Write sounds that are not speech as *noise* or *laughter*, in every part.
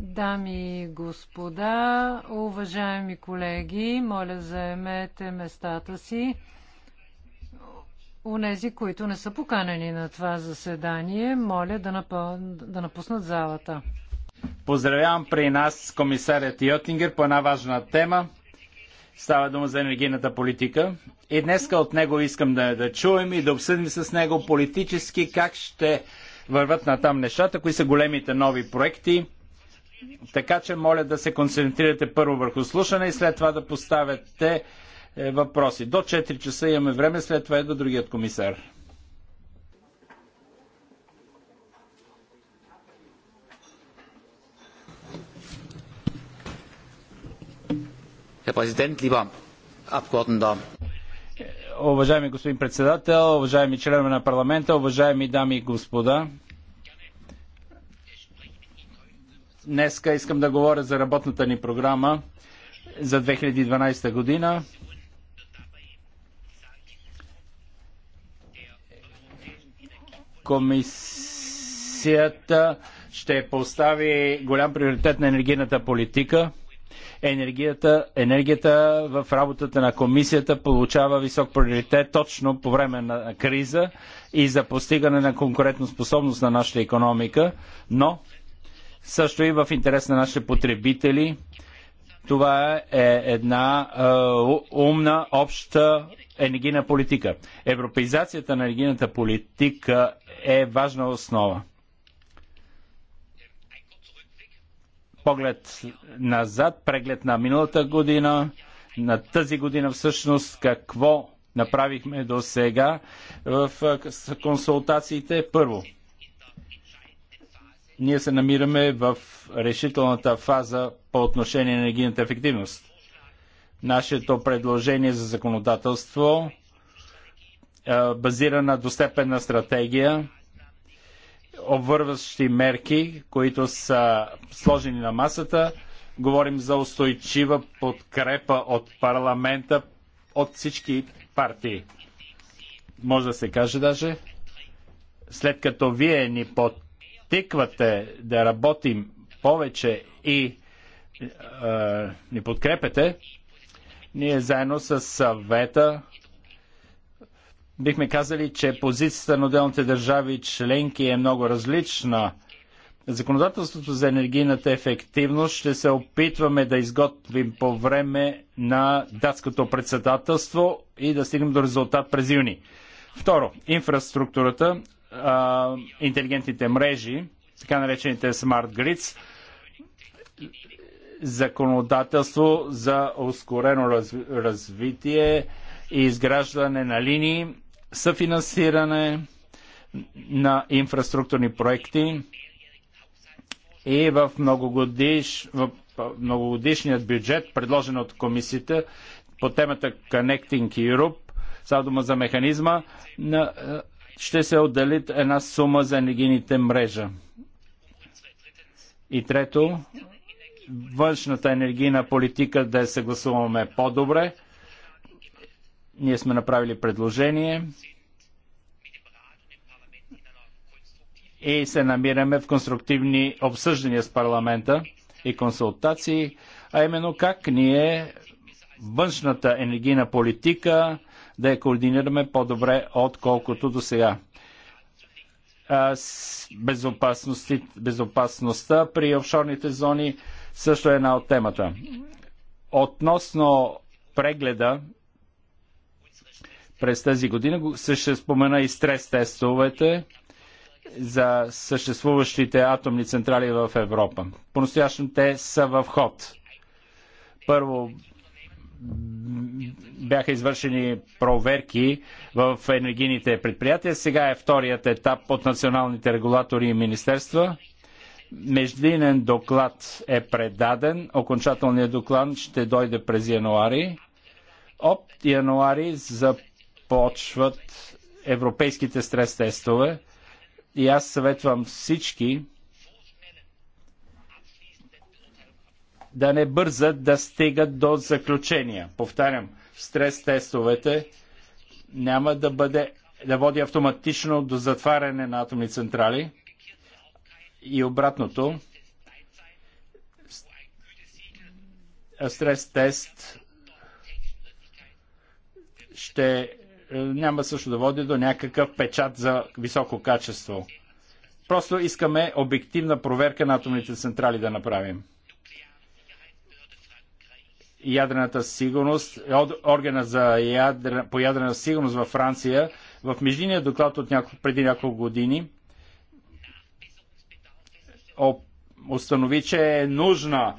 Дами и господа, уважаеми колеги, моля заемете местата си. Унези, които не са поканени на това заседание, моля да, напъл... да напуснат залата. Поздравявам при нас комисарят Йотингер по една важна тема Става дума за енергийната политика. И днеска от него искам да, да чуем и да обсъдим с него политически как ще върват на там нещата, кои са големите нови проекти. Така че моля да се концентрирате първо върху слушане и след това да поставяте е, въпроси. До 4 часа имаме време, след това и до другият комисар. Уважаеми господин председател, уважаеми членове на парламента, уважаеми дами и господа, днеска искам да говоря за работната ни програма за 2012 година. Комисията ще постави голям приоритет на енергийната политика – енергията, енергията в работата на комисията получава висок приоритет точно по време на криза и за постигане на способност на нашата економика, но също и в интерес на нашите потребители. Това е една е, умна обща енергийна политика. Европеизацията на енергийната политика е важна основа. поглед назад, преглед на миналата година, на тази година всъщност какво направихме до сега в консултациите. Първо, ние се намираме в решителната фаза по отношение на енергийната ефективност. Нашето предложение за законодателство базира на достепенна стратегия обвързващи мерки, които са сложени на масата. Говорим за устойчива подкрепа от парламента, от всички партии. Може да се каже даже, след като вие ни подтиквате да работим повече и е, ни подкрепете, ние заедно с съвета бихме казали, че позицията на отделните държави членки е много различна. Законодателството за енергийната ефективност ще се опитваме да изготвим по време на датското председателство и да стигнем до резултат през юни. Второ, инфраструктурата, а, интелигентните мрежи, така наречените Smart Grids, законодателство за ускорено развитие и изграждане на линии съфинансиране на инфраструктурни проекти и в многогодиш, в многогодишният бюджет, предложен от комисията по темата Connecting Europe, става дума за механизма, е, ще се отдели една сума за енергийните мрежа. И трето, външната енергийна политика да я съгласуваме по-добре ние сме направили предложение и се намираме в конструктивни обсъждания с парламента и консултации, а именно как ние външната енергийна политика да я координираме по-добре, отколкото до сега. Безопасността при офшорните зони също е една от темата. Относно прегледа през тази година. Също спомена и стрес тестовете за съществуващите атомни централи в Европа. По-настоящем те са в ход. Първо бяха извършени проверки в енергийните предприятия. Сега е вторият етап от националните регулатори и министерства. Междинен доклад е предаден. Окончателният доклад ще дойде през януари. От януари за започват европейските стрес тестове и аз съветвам всички да не бързат да стигат до заключения. Повтарям, стрес тестовете няма да бъде да води автоматично до затваряне на атомни централи и обратното. Стрес тест ще е, няма също да води до някакъв печат за високо качество. Просто искаме обективна проверка на атомните централи да направим. Ядрената сигурност, органа за ядрена, по ядрена сигурност във Франция, в междиния доклад от няко, преди няколко години установи, че е нужна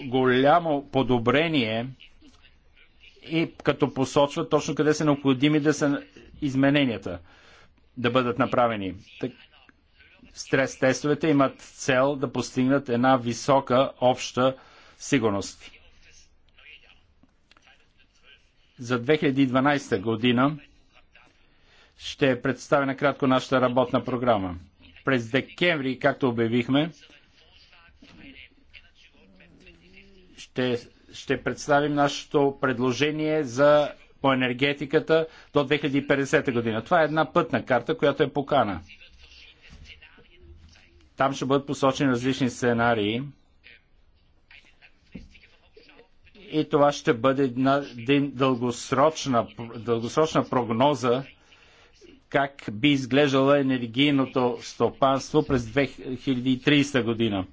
голямо подобрение и като посочва точно къде са необходими да са измененията да бъдат направени. Так, стрес тестовете имат цел да постигнат една висока обща сигурност. За 2012 година ще представя накратко нашата работна програма. През декември, както обявихме, ще ще представим нашето предложение за по енергетиката до 2050 година. Това е една пътна карта, която е покана. Там ще бъдат посочени различни сценарии. И това ще бъде една, един дългосрочна, дългосрочна прогноза как би изглеждала енергийното стопанство през 2030 година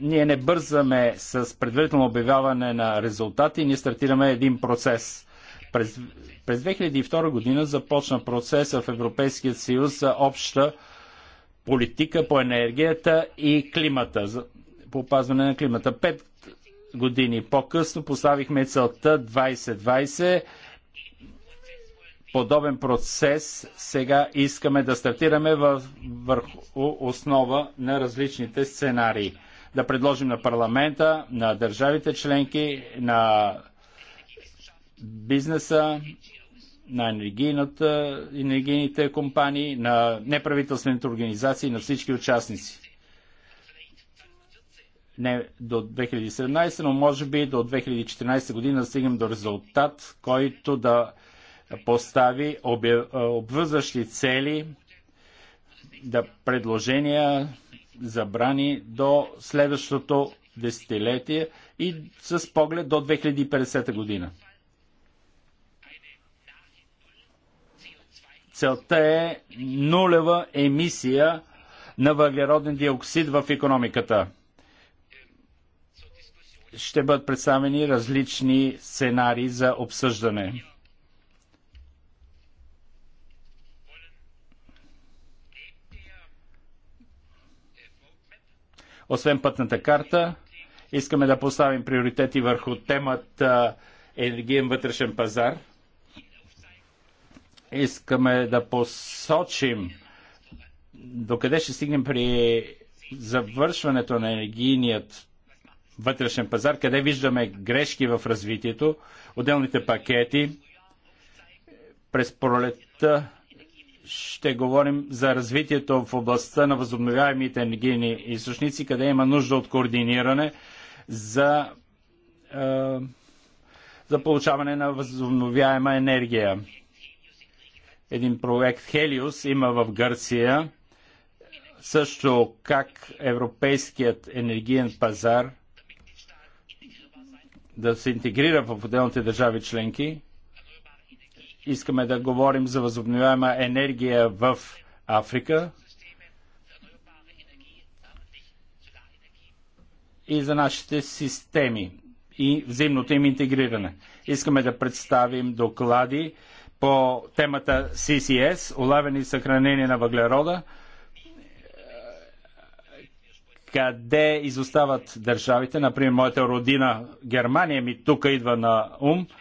ние не бързаме с предварително обявяване на резултати, ние стартираме един процес. През, през 2002 година започна процеса в Европейския съюз за обща политика по енергията и климата, за, по опазване на климата. Пет години по-късно поставихме целта 2020. Подобен процес сега искаме да стартираме във, върху основа на различните сценарии да предложим на парламента, на държавите членки, на бизнеса, на енергийните компании, на неправителствените организации, на всички участници. Не до 2017, но може би до 2014 година да стигнем до резултат, който да постави обвързващи цели, да предложения, забрани до следващото десетилетие и с поглед до 2050 година. Целта е нулева емисия на въглероден диоксид в економиката. Ще бъдат представени различни сценари за обсъждане. Освен пътната карта, искаме да поставим приоритети върху темата енергиен вътрешен пазар. Искаме да посочим докъде ще стигнем при завършването на енергийният вътрешен пазар, къде виждаме грешки в развитието, отделните пакети. През пролетта ще говорим за развитието в областта на възобновяемите енергийни източници, къде има нужда от координиране за, е, за получаване на възобновяема енергия. Един проект Хелиус има в Гърция. Също как европейският енергиен пазар да се интегрира в отделните държави членки искаме да говорим за възобновяема енергия в Африка и за нашите системи и взаимното им интегриране. Искаме да представим доклади по темата CCS, улавяне и съхранение на въглерода, къде изостават държавите. Например, моята родина Германия ми тук идва на ум –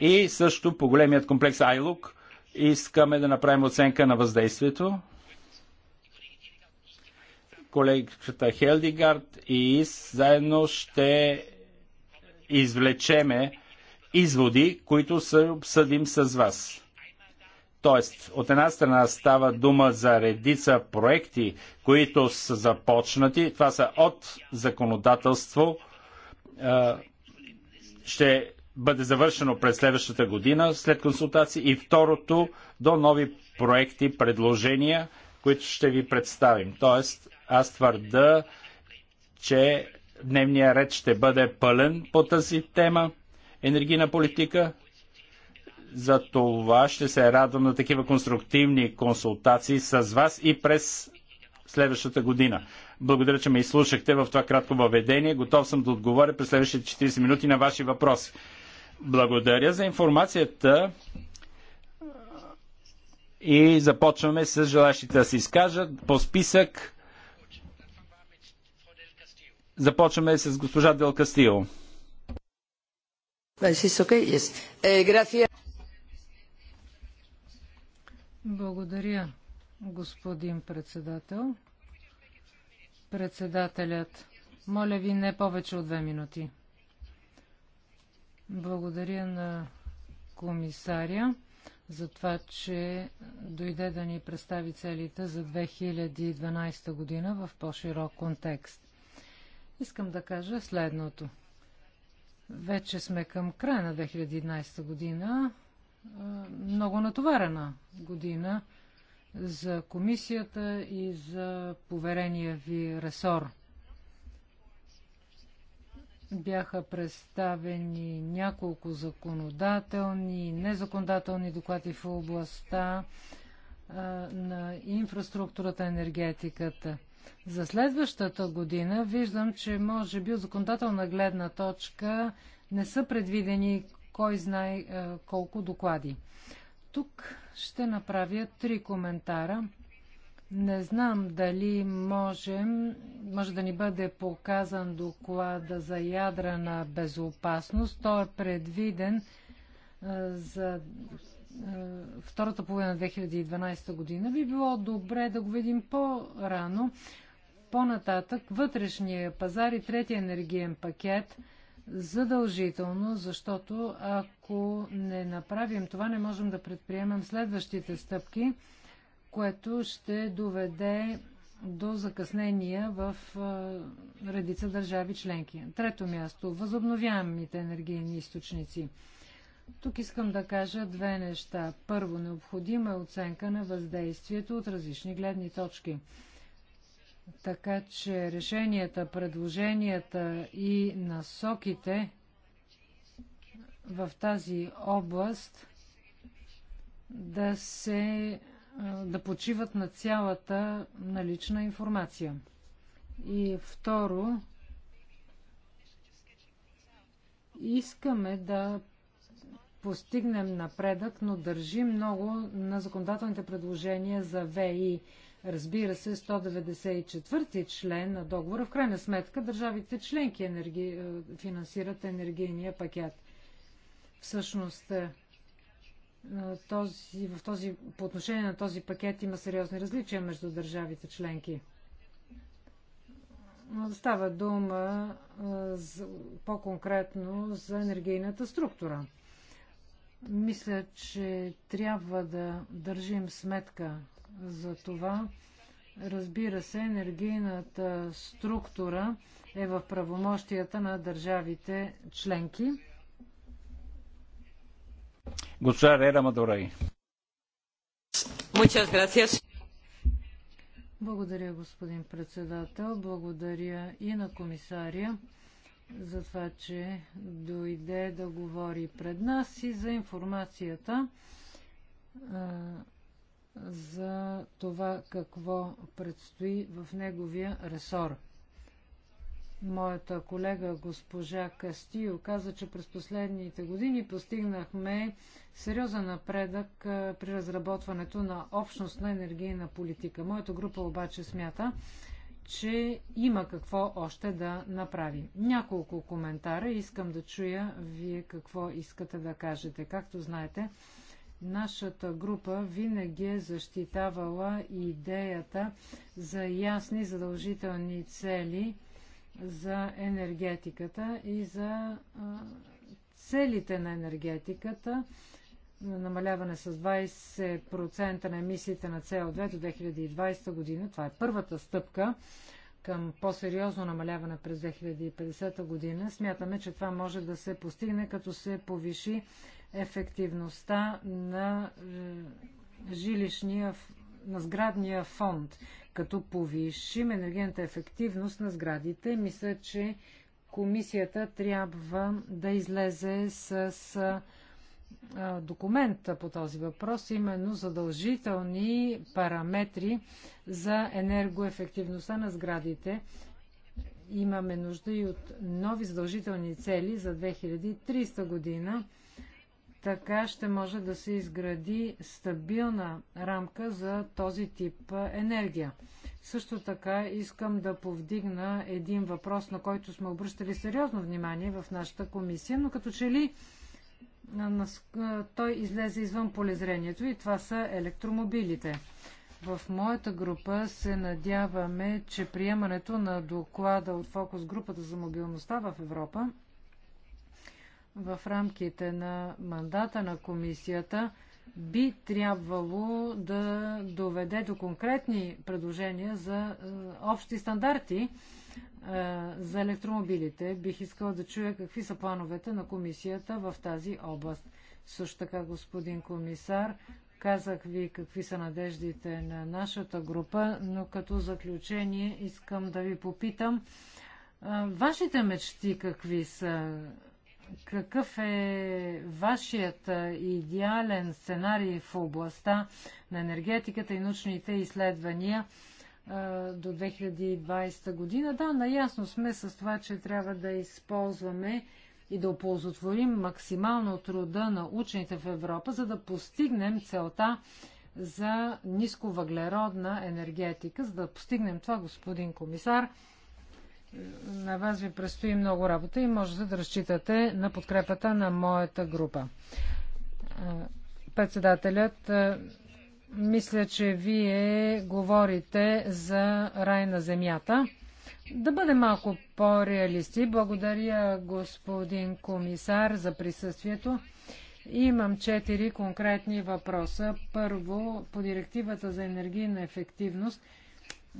и също по големият комплекс Айлук искаме да направим оценка на въздействието. Колегата Хелдигард и ИС заедно ще извлечеме изводи, които се обсъдим с вас. Тоест, от една страна става дума за редица проекти, които са започнати. Това са от законодателство. Е, ще бъде завършено през следващата година след консултации и второто до нови проекти, предложения, които ще ви представим. Тоест, аз твърда, че дневния ред ще бъде пълен по тази тема енергийна политика. За това ще се радвам на такива конструктивни консултации с вас и през следващата година. Благодаря, че ме изслушахте в това кратко въведение. Готов съм да отговоря през следващите 40 минути на ваши въпроси. Благодаря за информацията и започваме с желащите да се изкажат по списък. Започваме с госпожа Дел Кастил. Значи, е, Благодаря, господин председател. Председателят, моля ви не повече от две минути. Благодаря на комисаря за това, че дойде да ни представи целите за 2012 година в по-широк контекст. Искам да кажа следното. Вече сме към края на 2011 година, е, много натоварена година за комисията и за поверения ви ресор – бяха представени няколко законодателни и незаконодателни доклади в областта а, на инфраструктурата, енергетиката. За следващата година виждам, че може би от законодателна гледна точка не са предвидени кой знае а, колко доклади. Тук ще направя три коментара. Не знам дали можем, може да ни бъде показан доклада за ядрена безопасност. Той е предвиден за втората половина 2012 година. Би било добре да го видим по-рано. По-нататък вътрешния пазар и третия енергиен пакет задължително, защото ако не направим това, не можем да предприемем следващите стъпки което ще доведе до закъснения в редица държави членки. Трето място възобновяемите енергийни източници. Тук искам да кажа две неща. Първо, необходима е оценка на въздействието от различни гледни точки. Така че решенията, предложенията и насоките в тази област да се да почиват на цялата налична информация. И второ, искаме да постигнем напредък, но държи много на законодателните предложения за ВИ. Разбира се, 194 член на договора, в крайна сметка държавите членки енерги... финансират енергийния пакет. Всъщност, е, този, в този, по отношение на този пакет има сериозни различия между държавите членки. Става дума по-конкретно за енергийната структура. Мисля, че трябва да държим сметка за това. Разбира се, енергийната структура е в правомощията на държавите членки. Госпожа Рера Мадорай. Благодаря, господин председател. Благодаря и на комисаря за това, че дойде да говори пред нас и за информацията за това какво предстои в неговия ресор. Моята колега госпожа Кастио каза, че през последните години постигнахме сериозен напредък при разработването на общностна енергийна политика. Моята група обаче смята, че има какво още да направи. Няколко коментара искам да чуя вие какво искате да кажете. Както знаете, нашата група винаги е защитавала идеята за ясни задължителни цели – за енергетиката и за целите на енергетиката намаляване с 20% на емисиите на CO2 до 2020 година. Това е първата стъпка към по-сериозно намаляване през 2050 година. Смятаме, че това може да се постигне, като се повиши ефективността на е, жилищния на сградния фонд, като повишим енергийната ефективност на сградите, мисля, че комисията трябва да излезе с документа по този въпрос, именно задължителни параметри за енергоефективността на сградите. Имаме нужда и от нови задължителни цели за 2300 година така ще може да се изгради стабилна рамка за този тип енергия. Също така искам да повдигна един въпрос, на който сме обръщали сериозно внимание в нашата комисия, но като че ли той излезе извън полезрението и това са електромобилите. В моята група се надяваме, че приемането на доклада от фокус групата за мобилността в Европа в рамките на мандата на комисията би трябвало да доведе до конкретни предложения за е, общи стандарти е, за електромобилите. Бих искала да чуя какви са плановете на комисията в тази област. Също така, господин комисар, казах ви какви са надеждите на нашата група, но като заключение искам да ви попитам е, вашите мечти какви са? какъв е вашият идеален сценарий в областта на енергетиката и научните изследвания до 2020 година? Да, наясно сме с това, че трябва да използваме и да оползотворим максимално труда на учените в Европа, за да постигнем целта за нисковъглеродна енергетика. За да постигнем това, господин комисар, на вас ви предстои много работа и можете да разчитате на подкрепата на моята група. Председателят, мисля, че вие говорите за рай на земята. Да бъдем малко по-реалисти. Благодаря, господин комисар, за присъствието. Имам четири конкретни въпроса. Първо, по директивата за енергийна ефективност –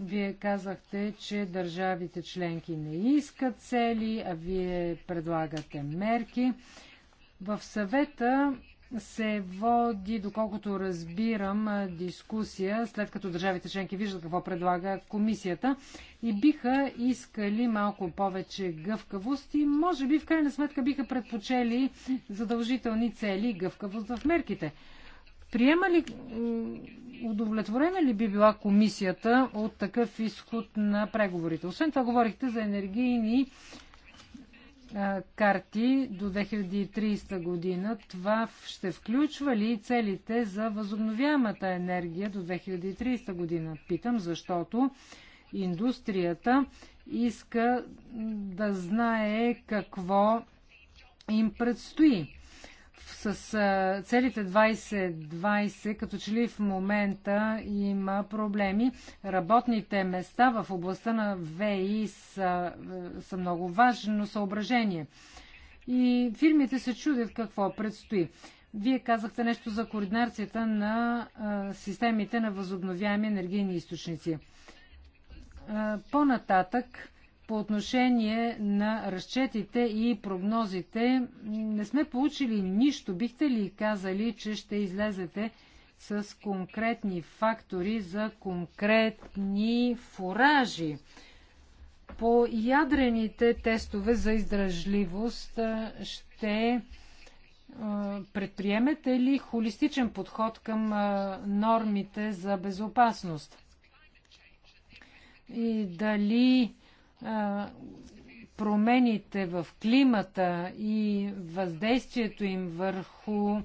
вие казахте, че държавите членки не искат цели, а вие предлагате мерки. В съвета се води, доколкото разбирам, дискусия, след като държавите членки виждат какво предлага комисията и биха искали малко повече гъвкавост и може би в крайна сметка биха предпочели задължителни цели и гъвкавост в мерките. Приема ли, удовлетворена ли би била комисията от такъв изход на преговорите? Освен това, говорихте за енергийни карти до 2030 година. Това ще включва ли целите за възобновяемата енергия до 2030 година? Питам, защото индустрията иска да знае какво им предстои с а, целите 2020, като че ли в момента има проблеми. Работните места в областта на ВИ са, са много важно съображение. И фирмите се чудят какво предстои. Вие казахте нещо за координацията на а, системите на възобновяеми енергийни източници. По-нататък по отношение на разчетите и прогнозите не сме получили нищо. Бихте ли казали, че ще излезете с конкретни фактори за конкретни фуражи? По ядрените тестове за издръжливост ще предприемете ли холистичен подход към нормите за безопасност? И дали промените в климата и въздействието им върху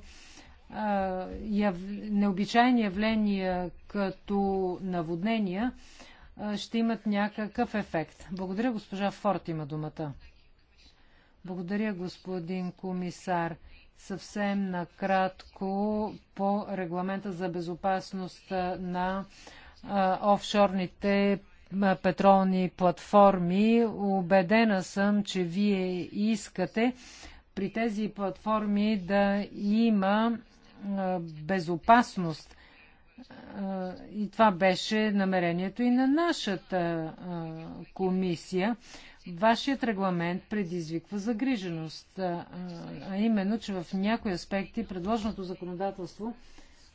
необичайни явления като наводнения ще имат някакъв ефект. Благодаря, госпожа Форт има думата. Благодаря, господин комисар. Съвсем накратко по регламента за безопасност на офшорните петролни платформи. Убедена съм, че вие искате при тези платформи да има безопасност. И това беше намерението и на нашата комисия. Вашият регламент предизвиква загриженост, а именно, че в някои аспекти предложеното законодателство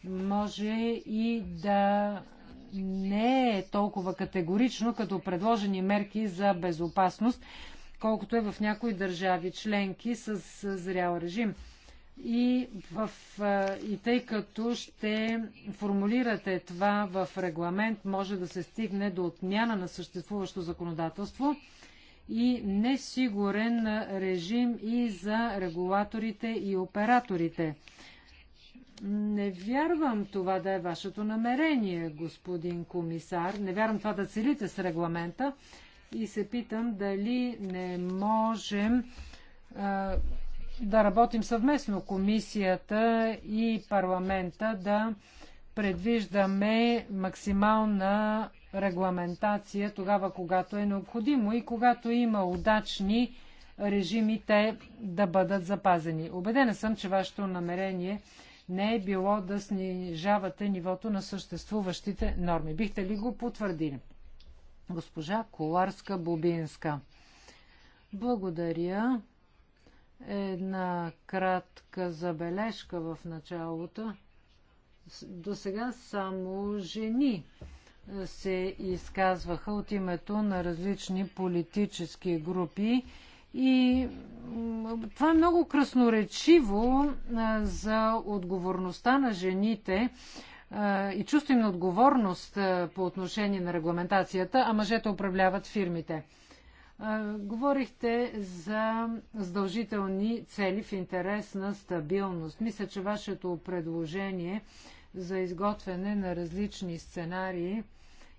може и да не е толкова категорично като предложени мерки за безопасност, колкото е в някои държави членки с зрял режим. И, в, и тъй като ще формулирате това в регламент, може да се стигне до отмяна на съществуващо законодателство и несигурен режим и за регулаторите и операторите. Не вярвам това да е вашето намерение, господин комисар. Не вярвам това да целите с регламента. И се питам дали не можем а, да работим съвместно комисията и парламента да предвиждаме максимална регламентация тогава, когато е необходимо и когато има удачни режими, те да бъдат запазени. Обедена съм, че вашето намерение не е било да снижавате нивото на съществуващите норми. Бихте ли го потвърдили? Госпожа Коларска-Бубинска. Благодаря. Една кратка забележка в началото. До сега само жени е, се изказваха от името на различни политически групи и това е много красноречиво за отговорността на жените и чувство им на отговорност по отношение на регламентацията, а мъжете управляват фирмите. Говорихте за задължителни цели в интерес на стабилност. Мисля, че вашето предложение за изготвяне на различни сценарии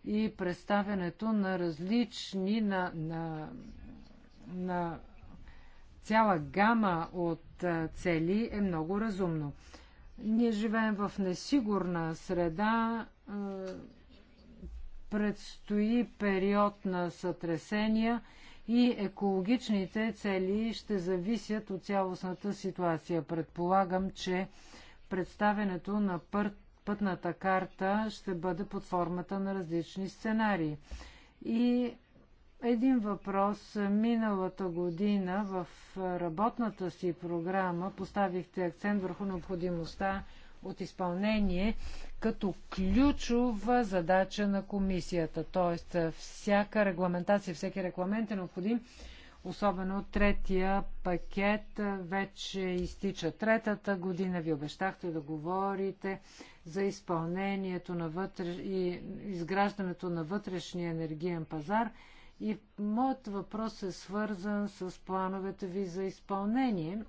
и представянето на различни на, на на цяла гама от цели е много разумно. Ние живеем в несигурна среда, предстои период на сътресения и екологичните цели ще зависят от цялостната ситуация. Предполагам, че представенето на пътната карта ще бъде под формата на различни сценарии. И един въпрос. Миналата година в работната си програма поставихте акцент върху необходимостта от изпълнение като ключова задача на комисията. Тоест, всяка регламентация, всеки регламент е необходим, особено третия пакет. Вече изтича третата година. Ви обещахте да говорите за изпълнението на вътреш... и изграждането на вътрешния енергиен пазар – и моят въпрос е свързан с плановете ви за изпълнение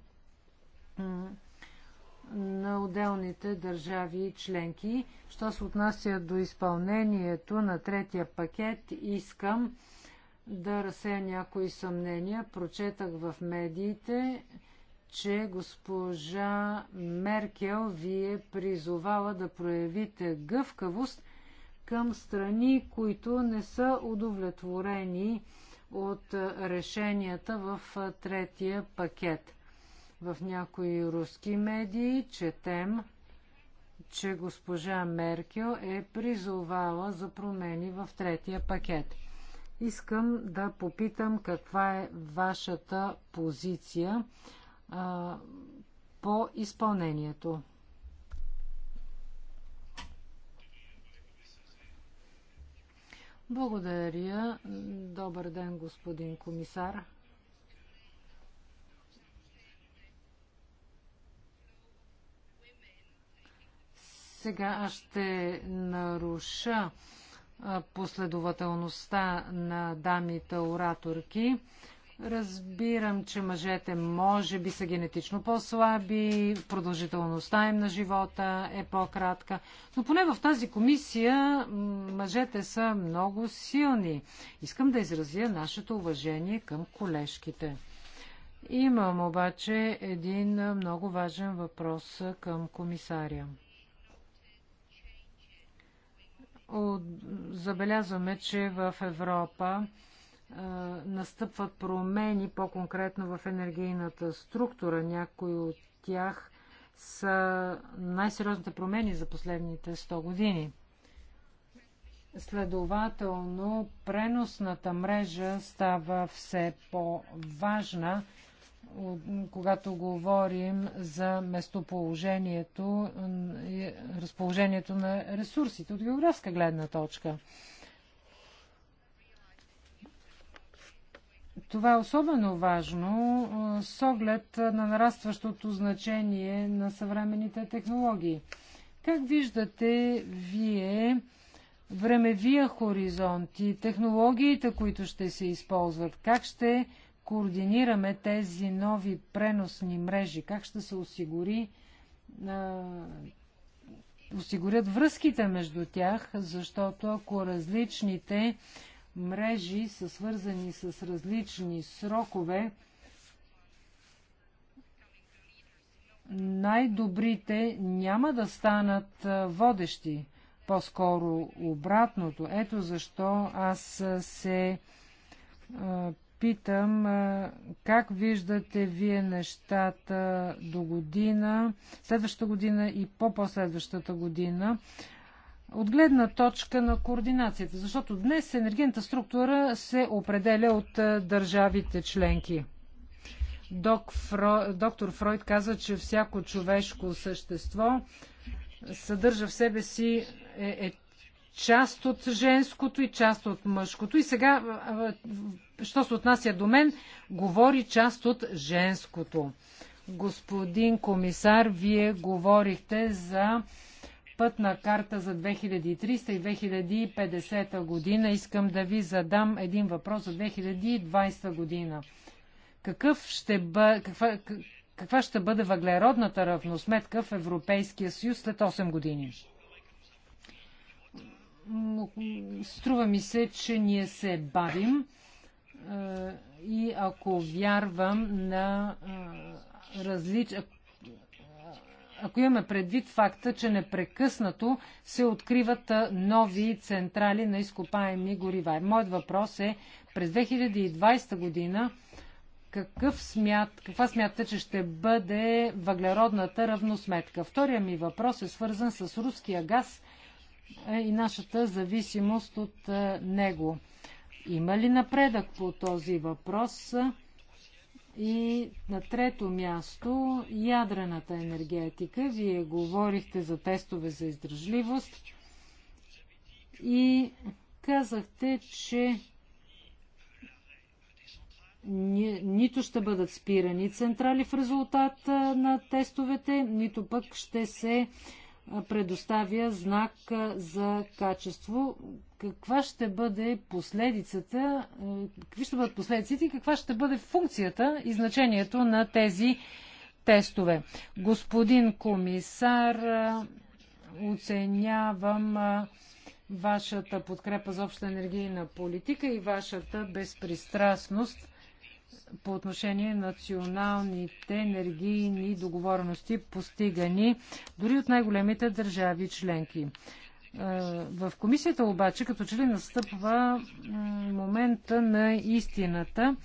на отделните държави и членки. Що се отнася до изпълнението на третия пакет, искам да разсея някои съмнения. Прочетах в медиите, че госпожа Меркел ви е призовала да проявите гъвкавост към страни, които не са удовлетворени от решенията в третия пакет. В някои руски медии четем, че госпожа Меркел е призовала за промени в третия пакет. Искам да попитам каква е вашата позиция а, по изпълнението. Благодаря. Добър ден, господин комисар. Сега аз ще наруша последователността на дамите ораторки. Разбирам, че мъжете може би са генетично по-слаби, продължителността им на живота е по-кратка, но поне в тази комисия мъжете са много силни. Искам да изразя нашето уважение към колежките. Имам обаче един много важен въпрос към комисаря. Забелязваме, че в Европа настъпват промени по-конкретно в енергийната структура. Някои от тях са най-сериозните промени за последните 100 години. Следователно, преносната мрежа става все по-важна, когато говорим за местоположението, разположението на ресурсите от географска гледна точка. Това е особено важно с оглед на нарастващото значение на съвременните технологии. Как виждате вие времевия хоризонт и технологиите, които ще се използват? Как ще координираме тези нови преносни мрежи? Как ще се осигури, осигурят връзките между тях? Защото ако различните мрежи са свързани с различни срокове. Най-добрите няма да станат водещи, по-скоро обратното. Ето защо аз се питам как виждате вие нещата до година, следващата година и по-последващата година от гледна точка на координацията, защото днес енергийната структура се определя от държавите членки. Док Фро... Доктор Фройд каза, че всяко човешко същество съдържа в себе си е, е част от женското и част от мъжкото. И сега, що се отнася до мен, говори част от женското. Господин комисар, вие говорихте за пътна карта за 2300 и 2050 година. Искам да ви задам един въпрос за 2020 година. Какъв ще бъ... каква... каква ще бъде въглеродната равносметка в Европейския съюз след 8 години? Струва ми се, че ние се бавим и ако вярвам на различ ако имаме предвид факта, че непрекъснато се откриват нови централи на изкопаеми горива. Е, моят въпрос е през 2020 година какъв смят, каква смятате, че ще бъде въглеродната равносметка? Втория ми въпрос е свързан с руския газ е, и нашата зависимост от е, него. Има ли напредък по този въпрос? И на трето място ядрената енергетика. Вие говорихте за тестове за издръжливост и казахте, че ни, нито ще бъдат спирани централи в резултат на тестовете, нито пък ще се предоставя знак за качество каква ще бъде последицата, е, какви ще бъдат последиците и каква ще бъде функцията и значението на тези тестове. Господин комисар, е, оценявам е, вашата подкрепа за обща енергийна политика и вашата безпристрастност по отношение на националните енергийни договорености, постигани дори от най-големите държави членки. Е, в комисията обаче, като че ли настъпва момента на истината,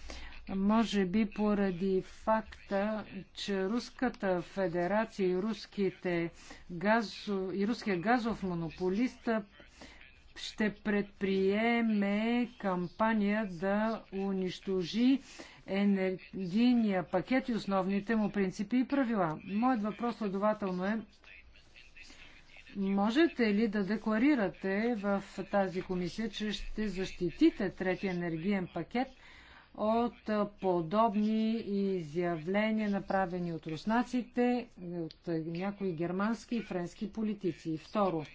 може би поради факта, че Руската федерация и, руските газо, и руския газов монополист ще предприеме кампания да унищожи енергийния пакет и основните му принципи и правила. Моят въпрос следователно е Можете ли да декларирате в тази комисия, че ще защитите третия енергиен пакет от подобни изявления, направени от руснаците, от някои германски и френски политици? И Второ,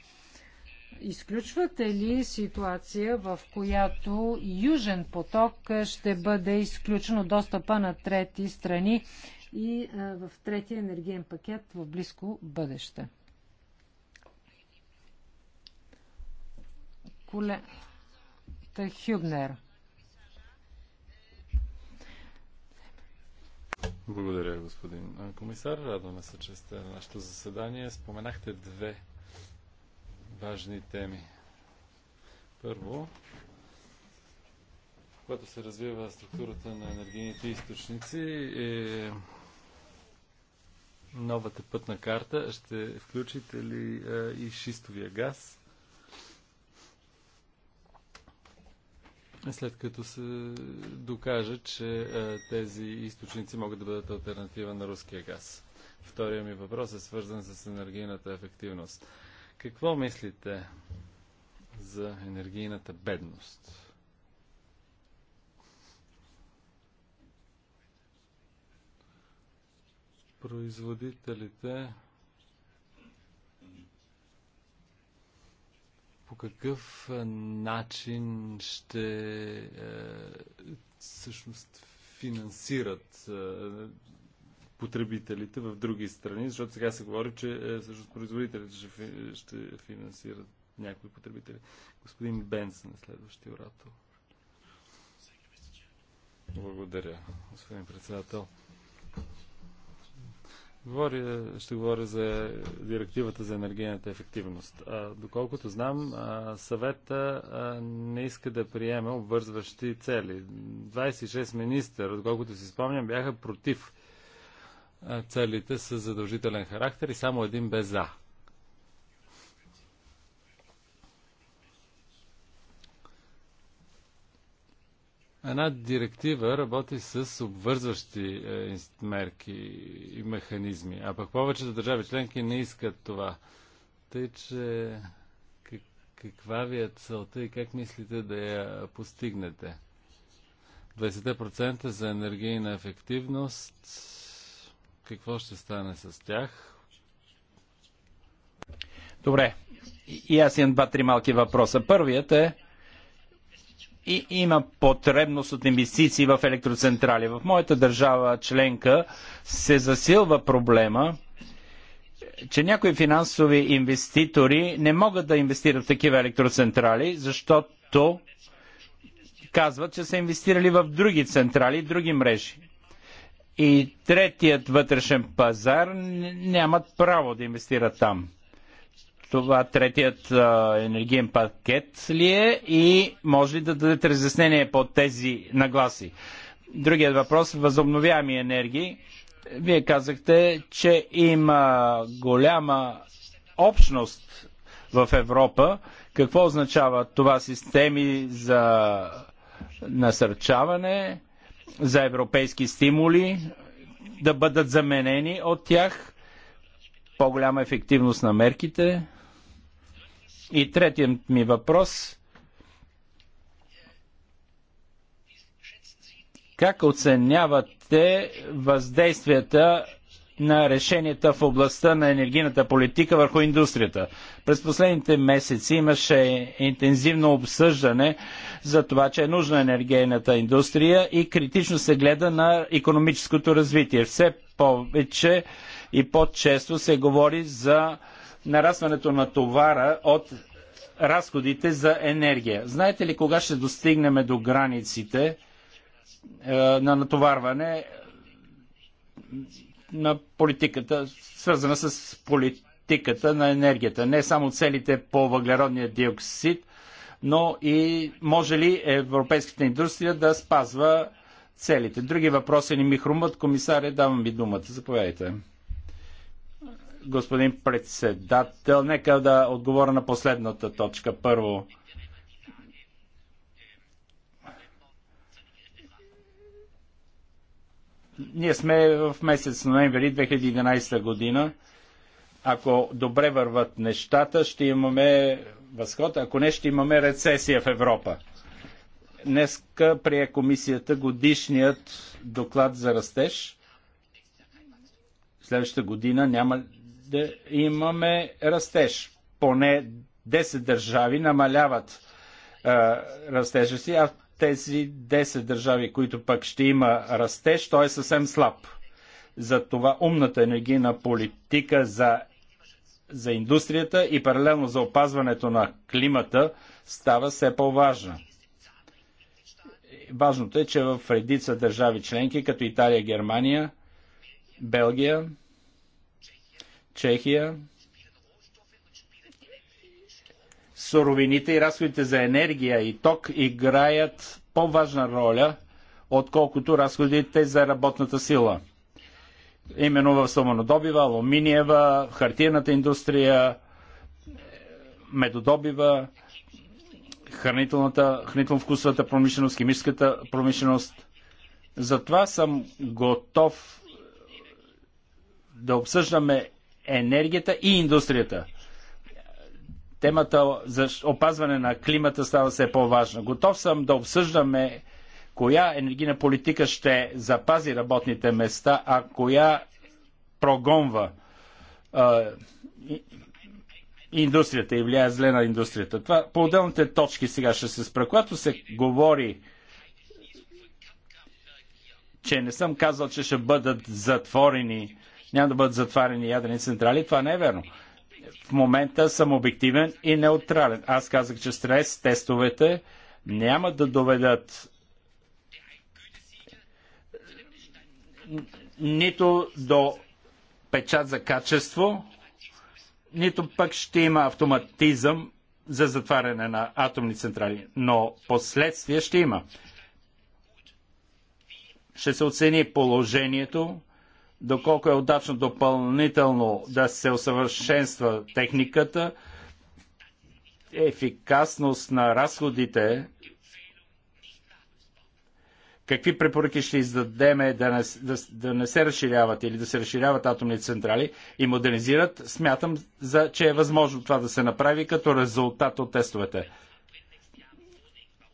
изключвате ли ситуация, в която Южен поток ще бъде изключен от достъпа на трети страни и в третия енергиен пакет в близко бъдеще? колегата Хюбнер. Благодаря, господин комисар. Радваме се, че сте на нашето заседание. Споменахте две важни теми. Първо, когато се развива структурата на енергийните източници, е новата пътна карта. Ще включите ли е, и шистовия газ? след като се докаже, че е, тези източници могат да бъдат альтернатива на руския газ. Втория ми въпрос е свързан с енергийната ефективност. Какво мислите за енергийната бедност? Производителите по какъв начин ще е, всъщност финансират е, потребителите в други страни, защото сега се говори, че е, всъщност производителите ще, фи, ще финансират някои потребители. Господин Бенсън е следващия оратор. Благодаря, господин председател. Говоря, ще говоря за директивата за енергийната ефективност. А, доколкото знам, а, съвета а, не иска да приеме обвързващи цели. 26 министър, доколкото си спомням, бяха против целите с задължителен характер и само един без за. Една директива работи с обвързващи е, мерки и механизми, а пък повечето държави членки не искат това. Тъй, че каква ви е целта и как мислите да я постигнете? 20% за енергийна ефективност. Какво ще стане с тях? Добре. И аз имам два-три малки въпроса. Първият е и има потребност от инвестиции в електроцентрали. В моята държава членка се засилва проблема, че някои финансови инвеститори не могат да инвестират в такива електроцентрали, защото казват, че са инвестирали в други централи, други мрежи. И третият вътрешен пазар нямат право да инвестират там. Това третият а, енергиен пакет ли е и може ли да дадете разяснение по тези нагласи? Другият въпрос възобновяеми енергии. Вие казахте, че има голяма общност в Европа. Какво означава това системи за насърчаване, за европейски стимули да бъдат заменени от тях? По-голяма ефективност на мерките? И третият ми въпрос. Как оценявате въздействията на решенията в областта на енергийната политика върху индустрията. През последните месеци имаше интензивно обсъждане за това, че е нужна енергийната индустрия и критично се гледа на економическото развитие. Все повече и по-често се говори за нарастването на товара от разходите за енергия. Знаете ли кога ще достигнем до границите е, на натоварване на политиката, свързана с политиката на енергията? Не само целите по въглеродния диоксид, но и може ли европейската индустрия да спазва целите? Други въпроси не ми хрумват. Комисаре, давам ви думата. Заповядайте господин председател. Нека да отговоря на последната точка първо. Ние сме в месец ноември 2011 година. Ако добре върват нещата, ще имаме възход, ако не, ще имаме рецесия в Европа. Днеска прие комисията годишният доклад за растеж. Следващата година няма да имаме растеж. Поне 10 държави намаляват а, растежа си, а тези 10 държави, които пък ще има растеж, той е съвсем слаб. Затова умната енергийна политика за, за индустрията и паралелно за опазването на климата става все по-важна. Важното е, че в редица държави членки, като Италия, Германия, Белгия, Чехия. Суровините и разходите за енергия и ток играят по-важна роля, отколкото разходите за работната сила. Именно в сломанодобива, алуминиева, хартиената индустрия, медодобива, хранителната, хранително-вкусовата промишленост, химическата промишленост. Затова съм готов да обсъждаме енергията и индустрията. Темата за опазване на климата става все по-важна. Готов съм да обсъждаме коя енергийна политика ще запази работните места, а коя прогонва а, и, индустрията и влияе зле на индустрията. Това по отделните точки сега ще се спра. Когато се говори, че не съм казал, че ще бъдат затворени няма да бъдат затварени ядрени централи. Това не е верно. В момента съм обективен и неутрален. Аз казах, че стрес тестовете няма да доведат нито до печат за качество, нито пък ще има автоматизъм за затваряне на атомни централи. Но последствия ще има. Ще се оцени положението, доколко е удачно допълнително да се усъвършенства техниката, ефикасност на разходите, какви препоръки ще издадеме да не, да, да не се разширяват или да се разширяват атомни централи и модернизират, смятам, за, че е възможно това да се направи като резултат от тестовете.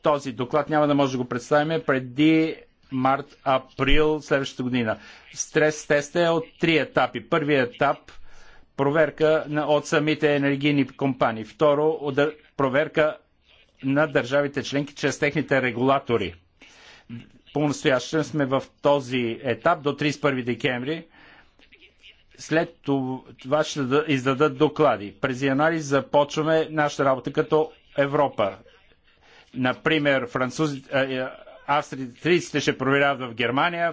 Този доклад няма да може да го представим преди март, април следващата година. Стрес теста е от три етапи. Първият етап проверка на, от самите енергийни компании. Второ, от, проверка на държавите членки чрез техните регулатори. по настоящен сме в този етап до 31 декември. След това ще издадат доклади. През януари започваме нашата работа като Европа. Например, французите, австрийците ще проверяват в Германия,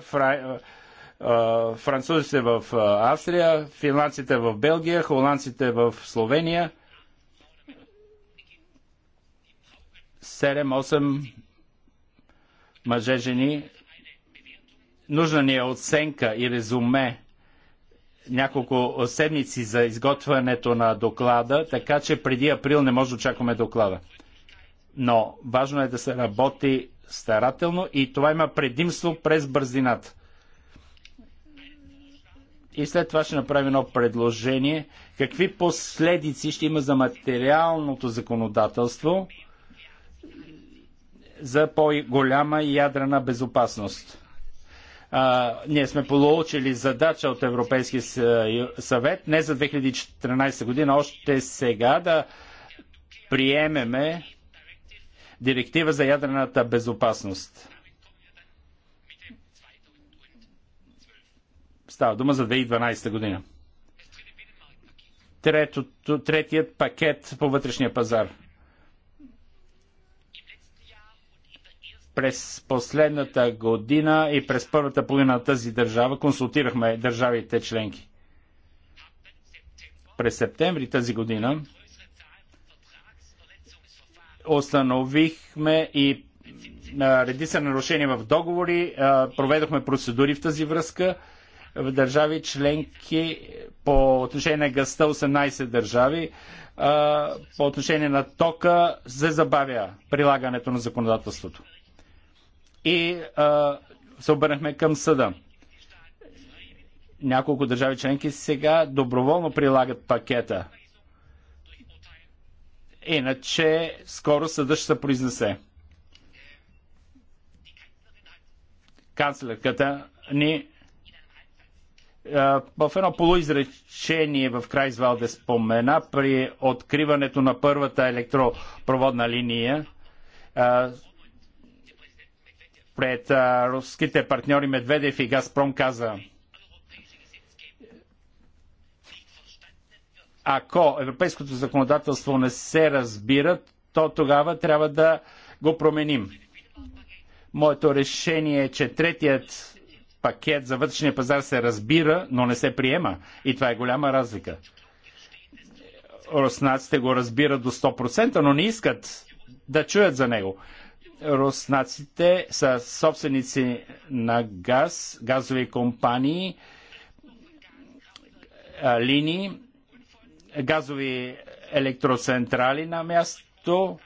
французите в Австрия, финландците в Белгия, холандците в Словения. 7-8 мъже, жени. Нужна ни е оценка и резюме няколко седмици за изготвянето на доклада, така че преди април не може да очакваме доклада. Но важно е да се работи старателно и това има предимство през бързината. И след това ще направим едно предложение. Какви последици ще има за материалното законодателство за по-голяма ядрена безопасност? а, ние сме получили задача от Европейския съвет не за 2014 година, още сега да приемеме директива за ядрената безопасност. Става дума за 2012 година. Трето, третият пакет по вътрешния пазар. През последната година и през първата половина на тази държава консултирахме държавите членки. През септември тази година установихме и редица нарушения в договори, проведохме процедури в тази връзка в държави членки по отношение на гъста 18 държави, по отношение на тока се забавя прилагането на законодателството. И се обърнахме към съда. Няколко държави членки сега доброволно прилагат пакета Иначе скоро съда ще се произнесе. Канцлерката ни в едно полуизречение в Крайзвалде спомена при откриването на първата електропроводна линия пред руските партньори Медведев и Газпром каза – Ако европейското законодателство не се разбира, то тогава трябва да го променим. Моето решение е, че третият пакет за вътрешния пазар се разбира, но не се приема. И това е голяма разлика. Руснаците го разбират до 100%, но не искат да чуят за него. Руснаците са собственици на газ, газови компании, линии газови електроцентрали на място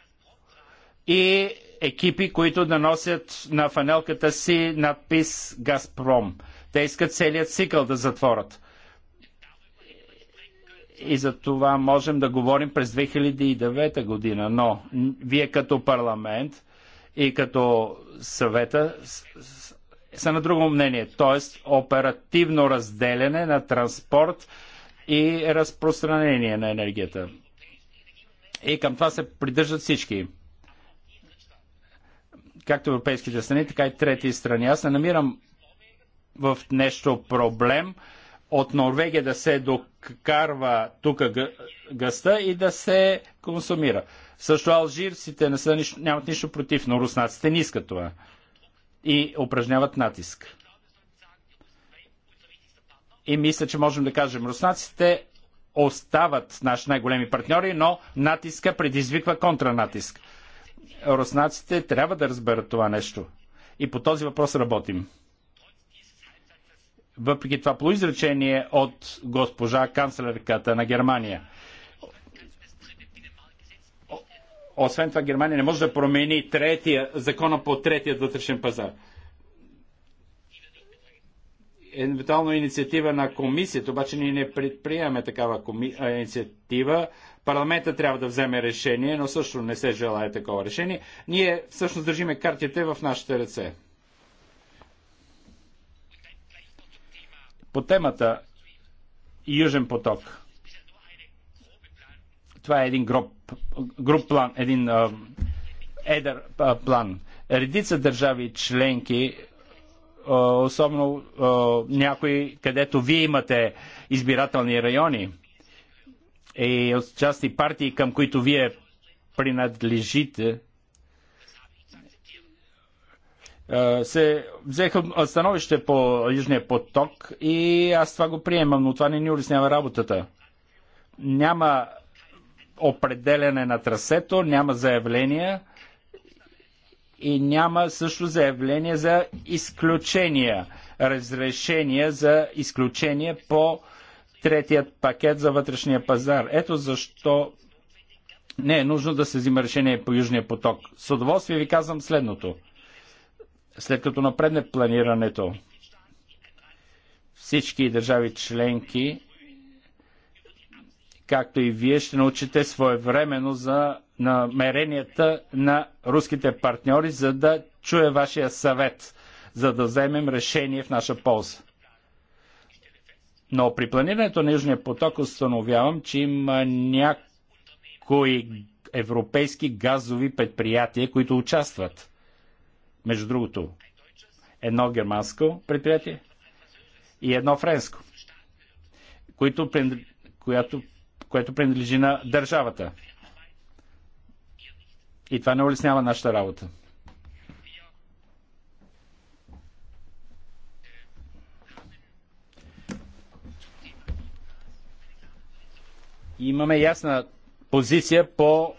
и екипи, които да носят на фанелката си надпис Газпром. Те искат целият цикъл да затворят. И за това можем да говорим през 2009 година. Но вие като парламент и като съвета са на друго мнение. Тоест оперативно разделяне на транспорт и разпространение на енергията. И към това се придържат всички. Както европейските страни, така и трети страни. Аз не намирам в нещо проблем от Норвегия да се докарва тук гъста и да се консумира. Също алжирците не са, нямат нищо против, но руснаците не искат това и упражняват натиск и мисля, че можем да кажем, руснаците остават наши най-големи партньори, но натиска предизвиква контранатиск. Руснаците трябва да разберат това нещо. И по този въпрос работим. Въпреки това полуизречение от госпожа канцлерката на Германия. Освен това Германия не може да промени третия, закона по третия вътрешен пазар евентуално инициатива на комисията, обаче ние не предприемаме такава коми... инициатива. Парламента трябва да вземе решение, но също не се желая такова решение. Ние всъщност държиме картите в нашите ръце. По темата Южен поток. Това е един груп, груп план, един едър план. Редица държави членки особено някои, където вие имате избирателни райони и от части партии, към които вие принадлежите, се взеха становище по Южния поток и аз това го приемам, но това не ни улеснява работата. Няма определене на трасето, няма заявления и няма също заявление за изключения, разрешение за изключение по третият пакет за вътрешния пазар. Ето защо не е нужно да се взима решение по Южния поток. С удоволствие ви казвам следното. След като напредне планирането, всички държави членки както и вие ще научите своевременно за намеренията на руските партньори, за да чуя вашия съвет, за да вземем решение в наша полза. Но при планирането на Южния поток установявам, че има някои европейски газови предприятия, които участват. Между другото, едно германско предприятие и едно френско, които, която което принадлежи на държавата. И това не улеснява нашата работа. Имаме ясна позиция по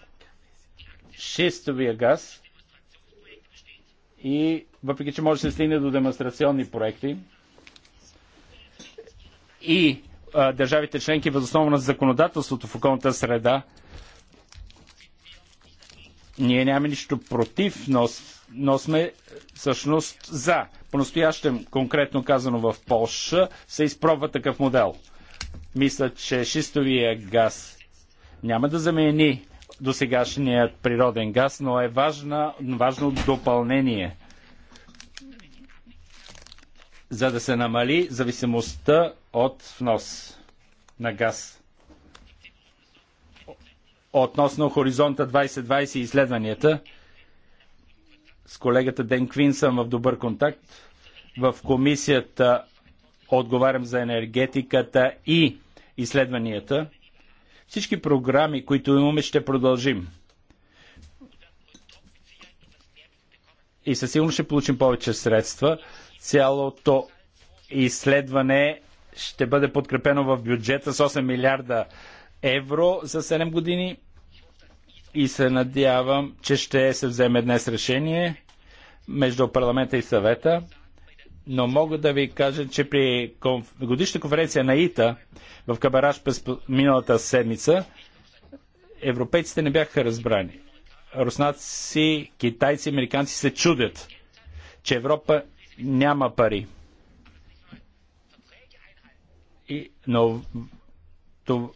шестовия газ и въпреки, че може да се стигне до демонстрационни проекти и държавите членки възоснова на законодателството в околната среда. Ние нямаме нищо против, но, но сме е, всъщност за. По-настоящем, конкретно казано в Польша, се изпробва такъв модел. Мисля, че шистовия газ няма да замени досегашният природен газ, но е важна, важно допълнение – за да се намали зависимостта от внос на газ. Относно хоризонта 2020 и изследванията, с колегата Ден Квин съм в добър контакт. В комисията отговарям за енергетиката и изследванията. Всички програми, които имаме, ще продължим. И със сигурност ще получим повече средства. Цялото изследване ще бъде подкрепено в бюджета с 8 милиарда евро за 7 години и се надявам, че ще се вземе днес решение между парламента и съвета. Но мога да ви кажа, че при конф... годишна конференция на ИТА в Кабараш през миналата седмица европейците не бяха разбрани. Руснаци, китайци, американци се чудят, че Европа няма пари. И, но, то,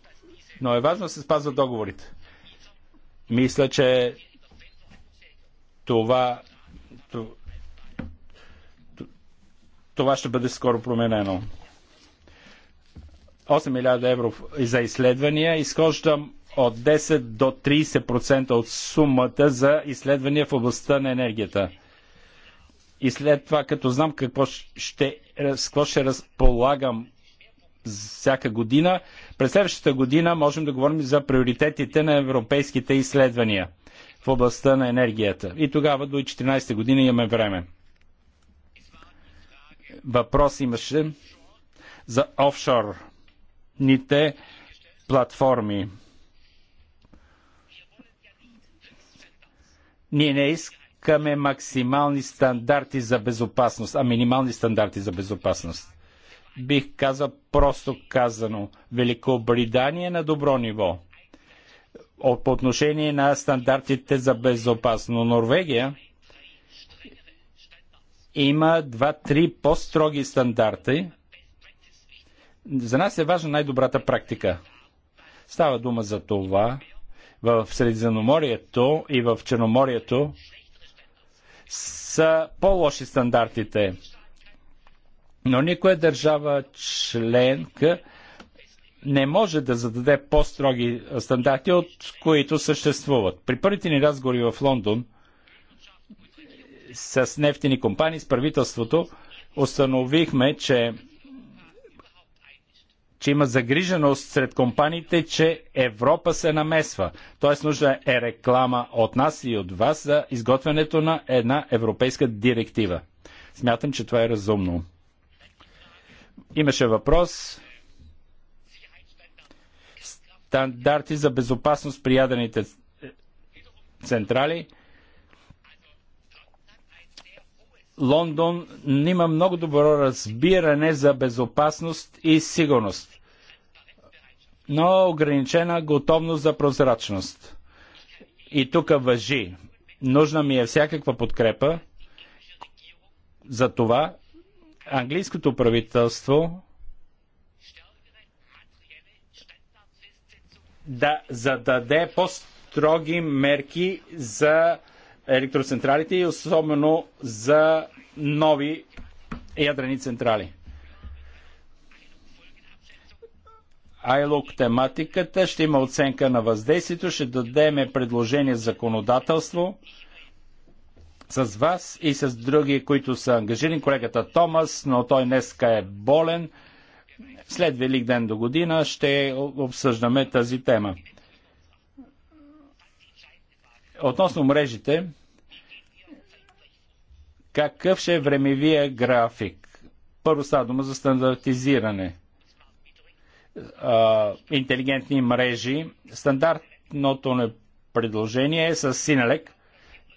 но е важно да се спазват договорите. Мисля, че това, това ще бъде скоро променено. 8 милиарда евро за изследвания. Изхождам от 10 до 30% от сумата за изследвания в областта на енергията. И след това, като знам какво ще, какво ще разполагам всяка година. През следващата година можем да говорим за приоритетите на европейските изследвания в областта на енергията. И тогава до 14 година имаме време. Въпрос имаше за офшорните платформи. Ние не искаме максимални стандарти за безопасност, а минимални стандарти за безопасност бих казал просто казано, Великобритания на добро ниво по отношение на стандартите за безопасно. Норвегия има два-три по-строги стандарти. За нас е важна най-добрата практика. Става дума за това в Средиземноморието и в Черноморието са по-лоши стандартите но никоя държава членка не може да зададе по-строги стандарти, от които съществуват. При първите ни разговори в Лондон с нефтени компании, с правителството, установихме, че, че има загриженост сред компаниите, че Европа се намесва. Тоест нужда е реклама от нас и от вас за изготвянето на една европейска директива. Смятам, че това е разумно. Имаше въпрос. Стандарти за безопасност при ядрените централи. Лондон има много добро разбиране за безопасност и сигурност, но ограничена готовност за прозрачност. И тук въжи. Нужна ми е всякаква подкрепа за това английското правителство да зададе по-строги мерки за електроцентралите и особено за нови ядрени централи. Айлок тематиката ще има оценка на въздействието, ще дадеме предложение за законодателство с вас и с други, които са ангажирани. Колегата Томас, но той днеска е болен. След Велик ден до година ще обсъждаме тази тема. Относно мрежите, какъв ще е времевия график? Първо става дума за стандартизиране. А, интелигентни мрежи. Стандартното предложение е с Синалек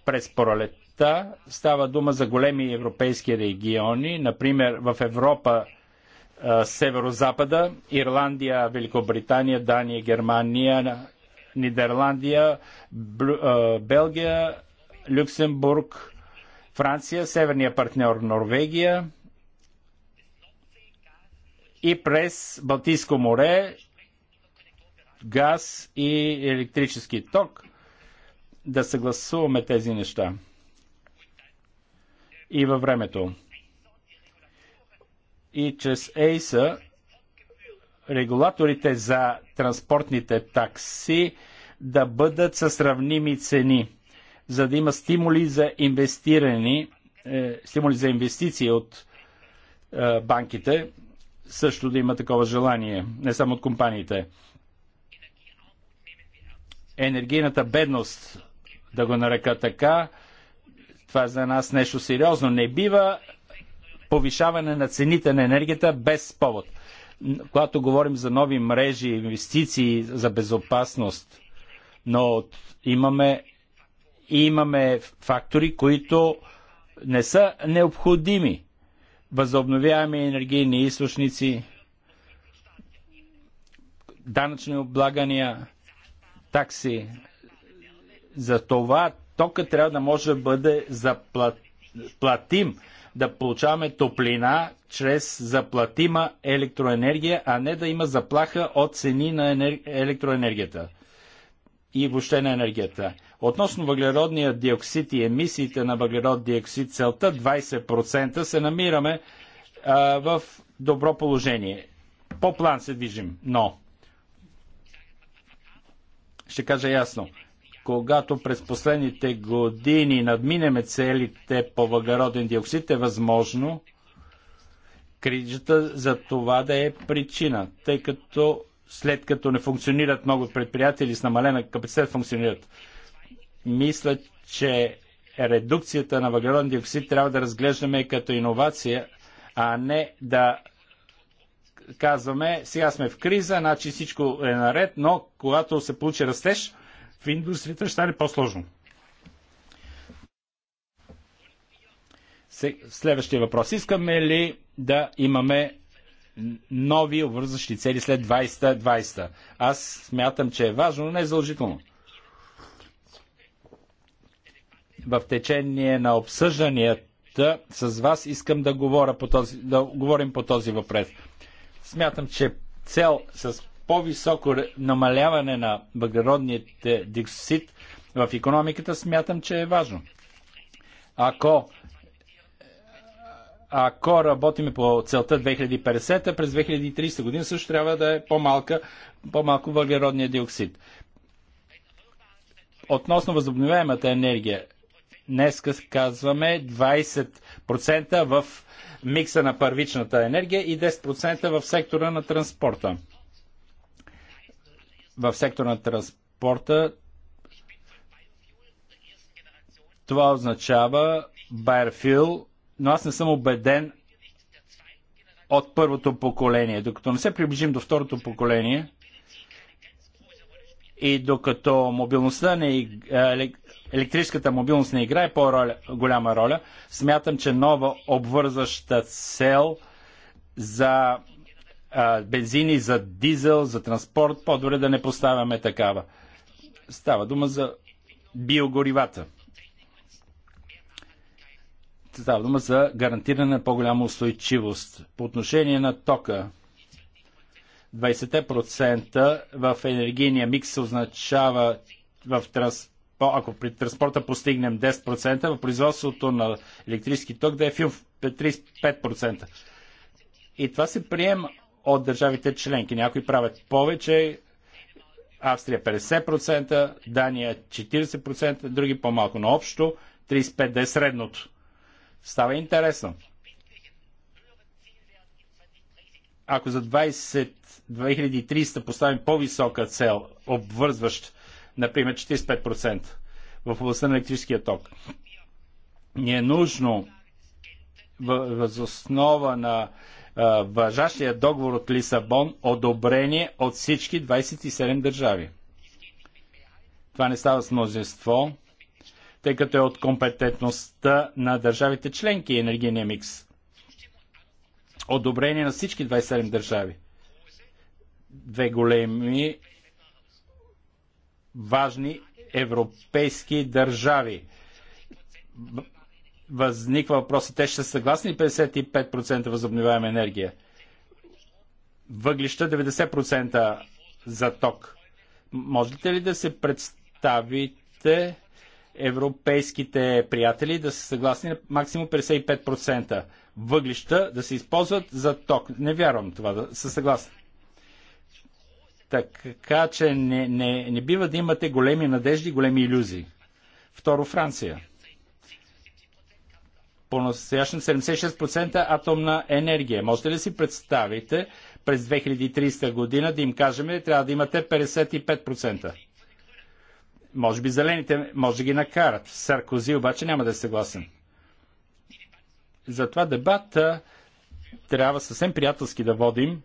през пролет места става дума за големи европейски региони, например в Европа Северо-Запада, Ирландия, Великобритания, Дания, Германия, Нидерландия, Белгия, Люксембург, Франция, Северния партньор Норвегия и през Балтийско море газ и електрически ток. Да съгласуваме тези неща и във времето. И чрез ЕИСА регулаторите за транспортните такси да бъдат със сравними цени, за да има стимули за инвестирани, е, стимули за инвестиции от е, банките, също да има такова желание, не само от компаниите. Енергийната бедност, да го нарека така, това е за нас нещо сериозно. Не бива повишаване на цените на енергията без повод. Когато говорим за нови мрежи, инвестиции, за безопасност, но имаме, имаме фактори, които не са необходими. Възобновяваме енергийни източници, данъчни облагания, такси. За това тока трябва да може да бъде заплатим, да получаваме топлина чрез заплатима електроенергия, а не да има заплаха от цени на енер... електроенергията и въобще на енергията. Относно въглеродния диоксид и емисиите на въглерод диоксид, целта 20% се намираме а, в добро положение. По план се движим, но ще кажа ясно когато през последните години надминеме целите по въглероден диоксид, е възможно кризата за това да е причина, тъй като след като не функционират много предприятия или с намалена капацитет функционират. Мисля, че редукцията на въглероден диоксид трябва да разглеждаме като иновация, а не да казваме, сега сме в криза, значи всичко е наред, но когато се получи растеж, в индустрията ще стане по-сложно. Следващия въпрос. Искаме ли да имаме нови обвързващи цели след 2020? Аз смятам, че е важно, но не е задължително. В течение на обсъжданията с вас искам да, говоря по този, да говорим по този въпрос. Смятам, че цел с по-високо намаляване на въглеродният диоксид в економиката, смятам, че е важно. Ако ако работиме по целта 2050, през 2030 година също трябва да е по-малка, по-малко въглеродния диоксид. Относно възобновяемата енергия, днес казваме 20% в микса на първичната енергия и 10% в сектора на транспорта в сектора на транспорта това означава Байерфил, но аз не съм убеден от първото поколение. Докато не се приближим до второто поколение и докато мобилността не, електрическата мобилност не играе по-голяма роля, смятам, че нова обвързаща цел за а, бензини, за дизел, за транспорт, по-добре да не поставяме такава. Става дума за биогоривата. Става дума за гарантиране на по-голяма устойчивост. По отношение на тока, 20% в енергийния микс означава в транспорт ако при транспорта постигнем 10%, в производството на електрически ток да е 35%. И това се приема от държавите членки. Някои правят повече, Австрия 50%, Дания 40%, други по-малко, но общо 35% да е средното. Става интересно. Ако за 20, 2300 поставим по-висока цел, обвързващ, например 45% в областта на електрическия ток, ни е нужно възоснова на въжащия договор от Лисабон одобрение от всички 27 държави. Това не става с множество, тъй като е от компетентността на държавите членки енергийния микс. Одобрение на всички 27 държави. Две големи важни европейски държави възниква и те ще са съгласни 55% възобновяема енергия. Въглища 90% за ток. Можете ли да се представите европейските приятели да са съгласни на максимум 55% въглища да се използват за ток? Не вярвам това да са съгласни. Така че не, не, не бива да имате големи надежди, големи иллюзии. Второ, Франция по-настоящем 76% атомна енергия. Можете ли си представите през 2300 година да им кажем, е, трябва да имате 55%? Може би зелените може да ги накарат. Саркози обаче няма да е съгласен. Затова дебата трябва съвсем приятелски да водим,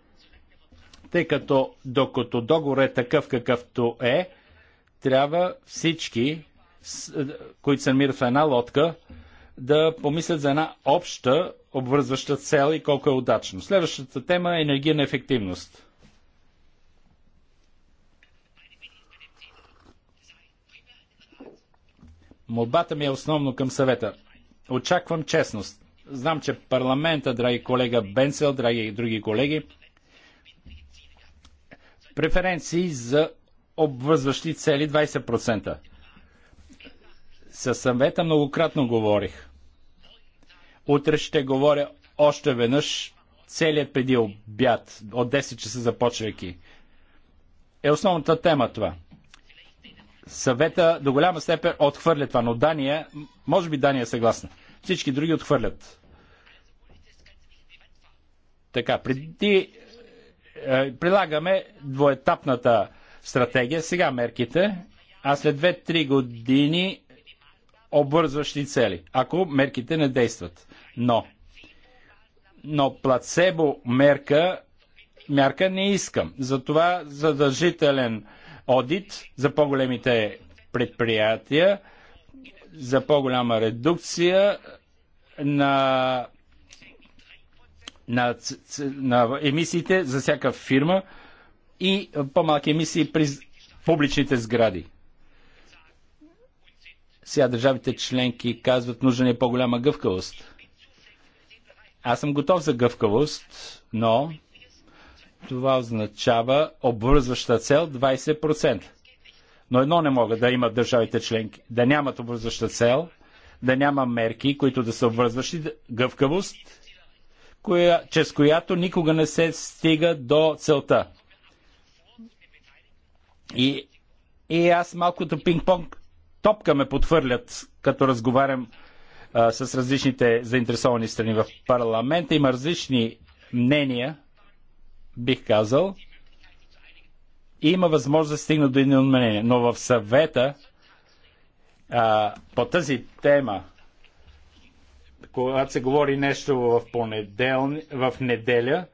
тъй като докато договор е такъв какъвто е, трябва всички, които се намират в една лодка, да помислят за една обща обвързваща цел и колко е удачно. Следващата тема е енергийна ефективност. Молбата ми е основно към съвета. Очаквам честност. Знам, че парламента, драги колега Бенсел, драги и други колеги, преференции за обвързващи цели 20%. Със съвета многократно говорих. Утре ще говоря още веднъж целият преди обяд, от 10 часа започвайки. Е основната тема това. Съвета до голяма степен отхвърля това, но Дания, може би Дания е съгласна. Всички други отхвърлят. Така, преди е, прилагаме двоетапната стратегия, сега мерките, а след 2-3 години обвързващи цели, ако мерките не действат. Но, но плацебо мерка, мярка не искам. Затова задължителен одит за по-големите предприятия, за по-голяма редукция на, на, на емисиите за всяка фирма и по-малки емисии при публичните сгради. Сега държавите членки казват, нужда ни е по-голяма гъвкавост. Аз съм готов за гъвкавост, но това означава обвързваща цел 20%. Но едно не могат да имат държавите членки. Да нямат обвързваща цел, да няма мерки, които да са обвързващи, гъвкавост, коя, чрез която никога не се стига до целта. И, и аз малкото пинг-понг топка ме подхвърлят, като разговарям а, с различните заинтересовани страни в парламента. Има различни мнения, бих казал. И има възможност да стигна до едно мнение. Но в съвета а, по тази тема, когато се говори нещо в, в неделя,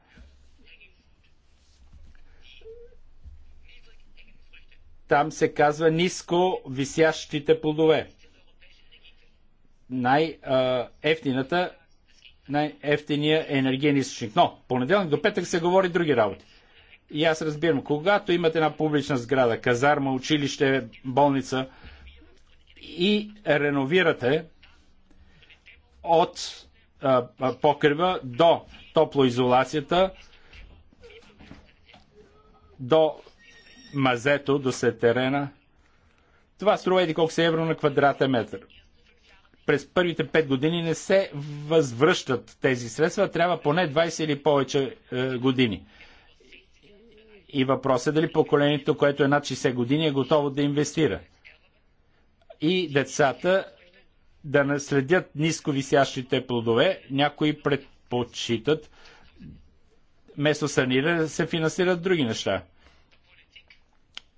Там се казва ниско висящите плодове. Най-ефтината, най-ефтиния енергиен източник. Но понеделник до петък се говори други работи. И аз разбирам, когато имате една публична сграда, казарма, училище, болница и реновирате от а, покрива до топлоизолацията, до мазето до сетерена. Това струва еди колко се евро на квадратен метър. През първите 5 години не се възвръщат тези средства, трябва поне 20 или повече е, години. И въпросът е дали поколението, което е над 60 години, е готово да инвестира. И децата да наследят ниско висящите плодове, някои предпочитат вместо саниране да се финансират други неща.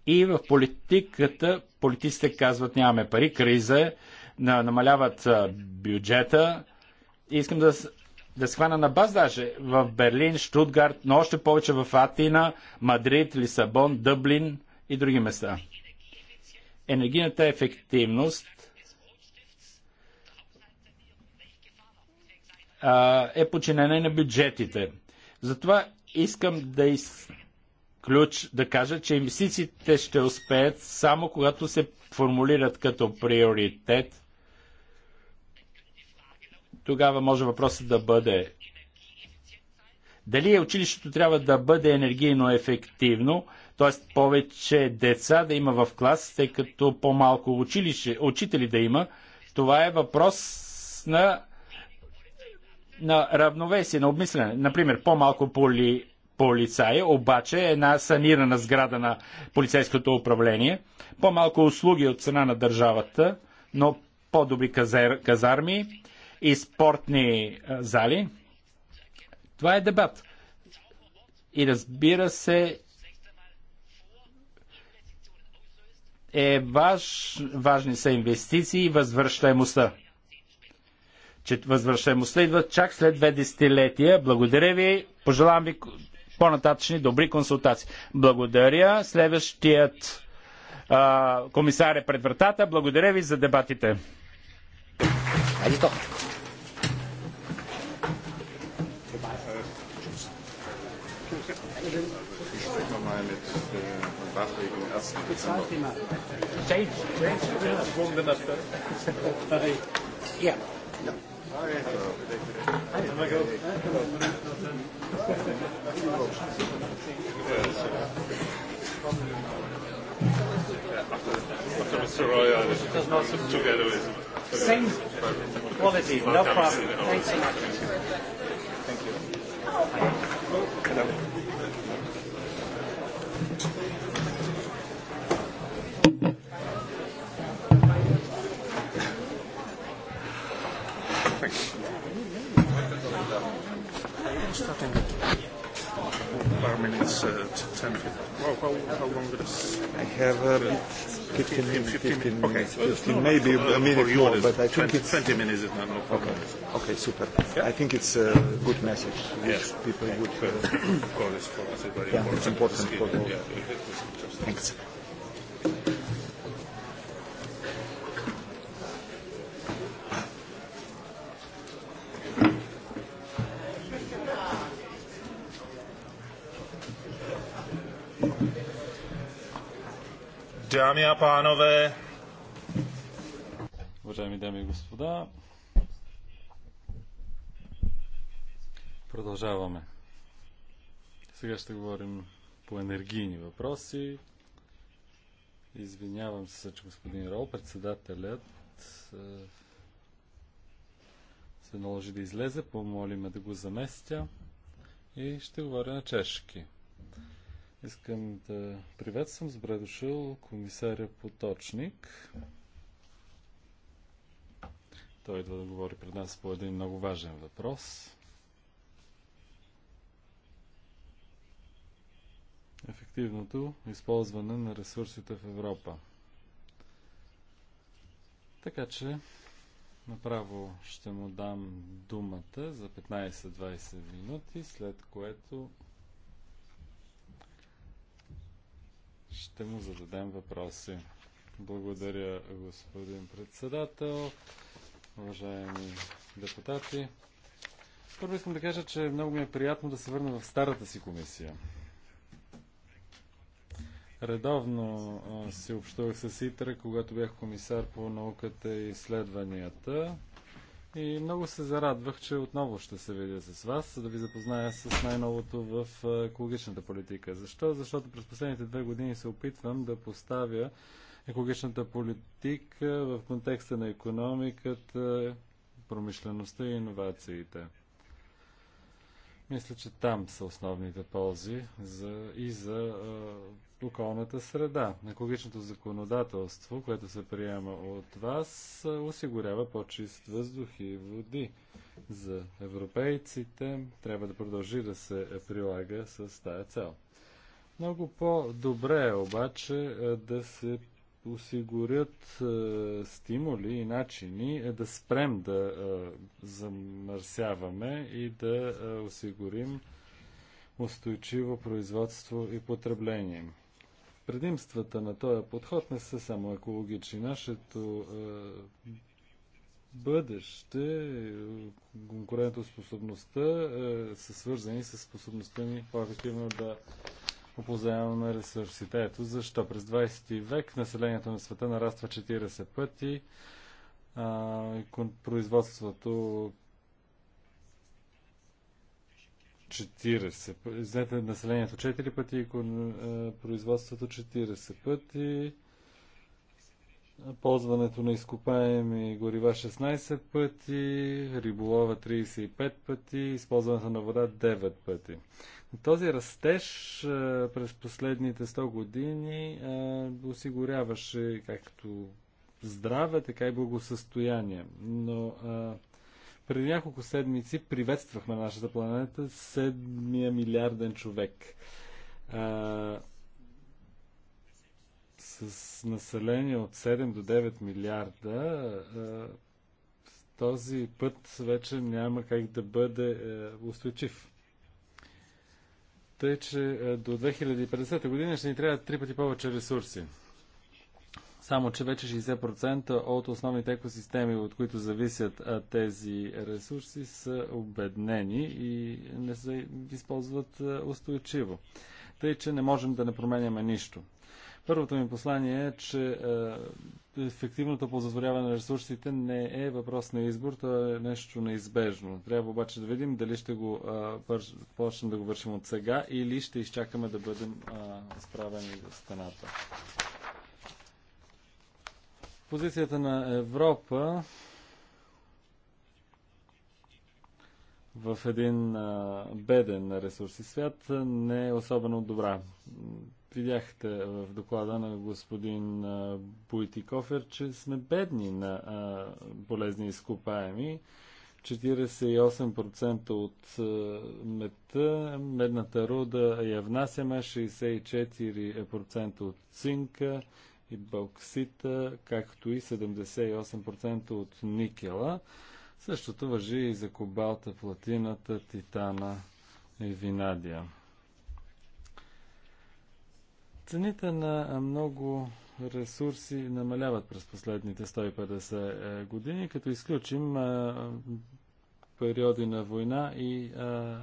И в политиката, политиците казват нямаме пари, криза е, намаляват бюджета. И искам да, да схвана на база, даже в Берлин, Штутгарт, но още повече в Атина, Мадрид, Лисабон, Дъблин и други места. Енергийната ефективност е подчинена на бюджетите. Затова искам да из ключ да кажа, че инвестициите ще успеят само когато се формулират като приоритет. Тогава може въпросът да бъде дали училището трябва да бъде енергийно ефективно, т.е. повече деца да има в клас, тъй като по-малко училище, учители да има. Това е въпрос на, на равновесие, на обмислене. Например, по-малко поли полицаи, обаче е една санирана сграда на полицейското управление, по-малко услуги от цена на държавата, но по-добри казар, казарми и спортни е, зали. Това е дебат. И разбира се, е важ, важни са инвестиции и възвръщаемостта. Че възвръщаемостта идва чак след две десетилетия. Благодаря ви. Пожелавам ви по-нататъчни добри консултации. Благодаря. Следващият а, комисар е пред вратата. Благодаря ви за дебатите. Айде то. Change, change, After Mr. Roy, I was together with Same quality, no problem. Thanks so much. Thank you. Hello. starting at about minutes uh, to 10. Well, how, how long is I have a bit, 15, 15, 15 minutes. Okay. 15, maybe a minute more, but I think 20, it's... 20 minutes is not no Okay, okay super. Yeah? I think it's a good message, yes. people would... Uh, of course, it's very important. it's important for all. Thanks. Dámy a pánové. Уважаеми дами и господа, продължаваме. Сега ще говорим по енергийни въпроси. Извинявам се, че господин Рол, председателят е, се наложи да излезе, помолиме да го заместя и ще говоря на чешки. Искам да приветствам с добре дошъл комисаря Поточник. Той идва да говори пред нас по един много важен въпрос. Ефективното използване на ресурсите в Европа. Така че направо ще му дам думата за 15-20 минути, след което ще му зададем въпроси. Благодаря, господин председател, уважаеми депутати. Първо искам да кажа, че много ми е приятно да се върна в старата си комисия. Редовно се общувах с ИТРА, когато бях комисар по науката и изследванията. И много се зарадвах, че отново ще се видя с вас, за да ви запозная с най-новото в екологичната политика. Защо? Защото през последните две години се опитвам да поставя екологичната политика в контекста на економиката, промишлеността и иновациите. Мисля, че там са основните ползи за, и за а, околната среда. Екологичното законодателство, което се приема от вас, осигурява по-чист въздух и води за европейците. Трябва да продължи да се прилага с тая цел. Много по-добре е обаче да се осигурят е, стимули и начини е да спрем да е, замърсяваме и да е, осигурим устойчиво производство и потребление. Предимствата на този подход не са само екологични. Нашето е, бъдеще, конкурентоспособността е, са свързани с способността ни по-ефективно да оползаяване на ресурсите. Ето защо през 20 век населението на света нараства 40 пъти, а, производството 40. Знаете, населението 4 пъти, производството 40 пъти, ползването на изкопаеми горива 16 пъти, риболова 35 пъти, използването на вода 9 пъти. Този растеж през последните 100 години осигуряваше както здраве, така и благосъстояние. Но преди няколко седмици приветствахме нашата планета седмия милиарден човек. А, с население от 7 до 9 милиарда, а, този път вече няма как да бъде а, е, устойчив. Тъй, че е, до 2050 година ще ни трябва три пъти повече ресурси. Само, че вече 60% от основните екосистеми, от които зависят е, тези ресурси, са обеднени и не се използват е, устойчиво. Тъй, че не можем да не променяме нищо. Първото ми послание е, че е, ефективното ползотворяване на ресурсите не е въпрос на избор, то е нещо неизбежно. Трябва обаче да видим дали ще го почнем да го вършим от сега или ще изчакаме да бъдем справени за стената. Позицията на Европа в един беден на ресурси свят не е особено добра. Видяхте в доклада на господин Буйтикофер, че сме бедни на болезни изкопаеми. 48% от мета, медната руда я внасяме, 64% от цинка и боксита, както и 78% от никела. Същото въжи и за кобалта, платината, титана и винадия. Цените на много ресурси намаляват през последните 150 е, години, като изключим периоди на война и а,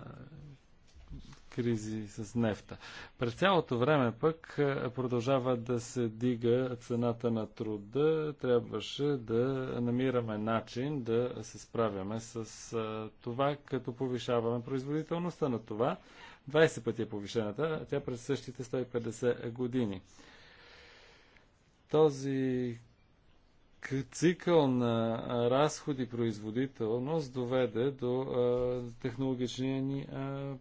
кризи с нефта. През цялото време пък продължава да се дига цената на труда. Трябваше да намираме начин да се справяме с това, като повишаваме производителността на това 20 пъти е повишената, а тя през същите 150 години. Този цикъл на разходи производителност доведе до а, технологичния ни а,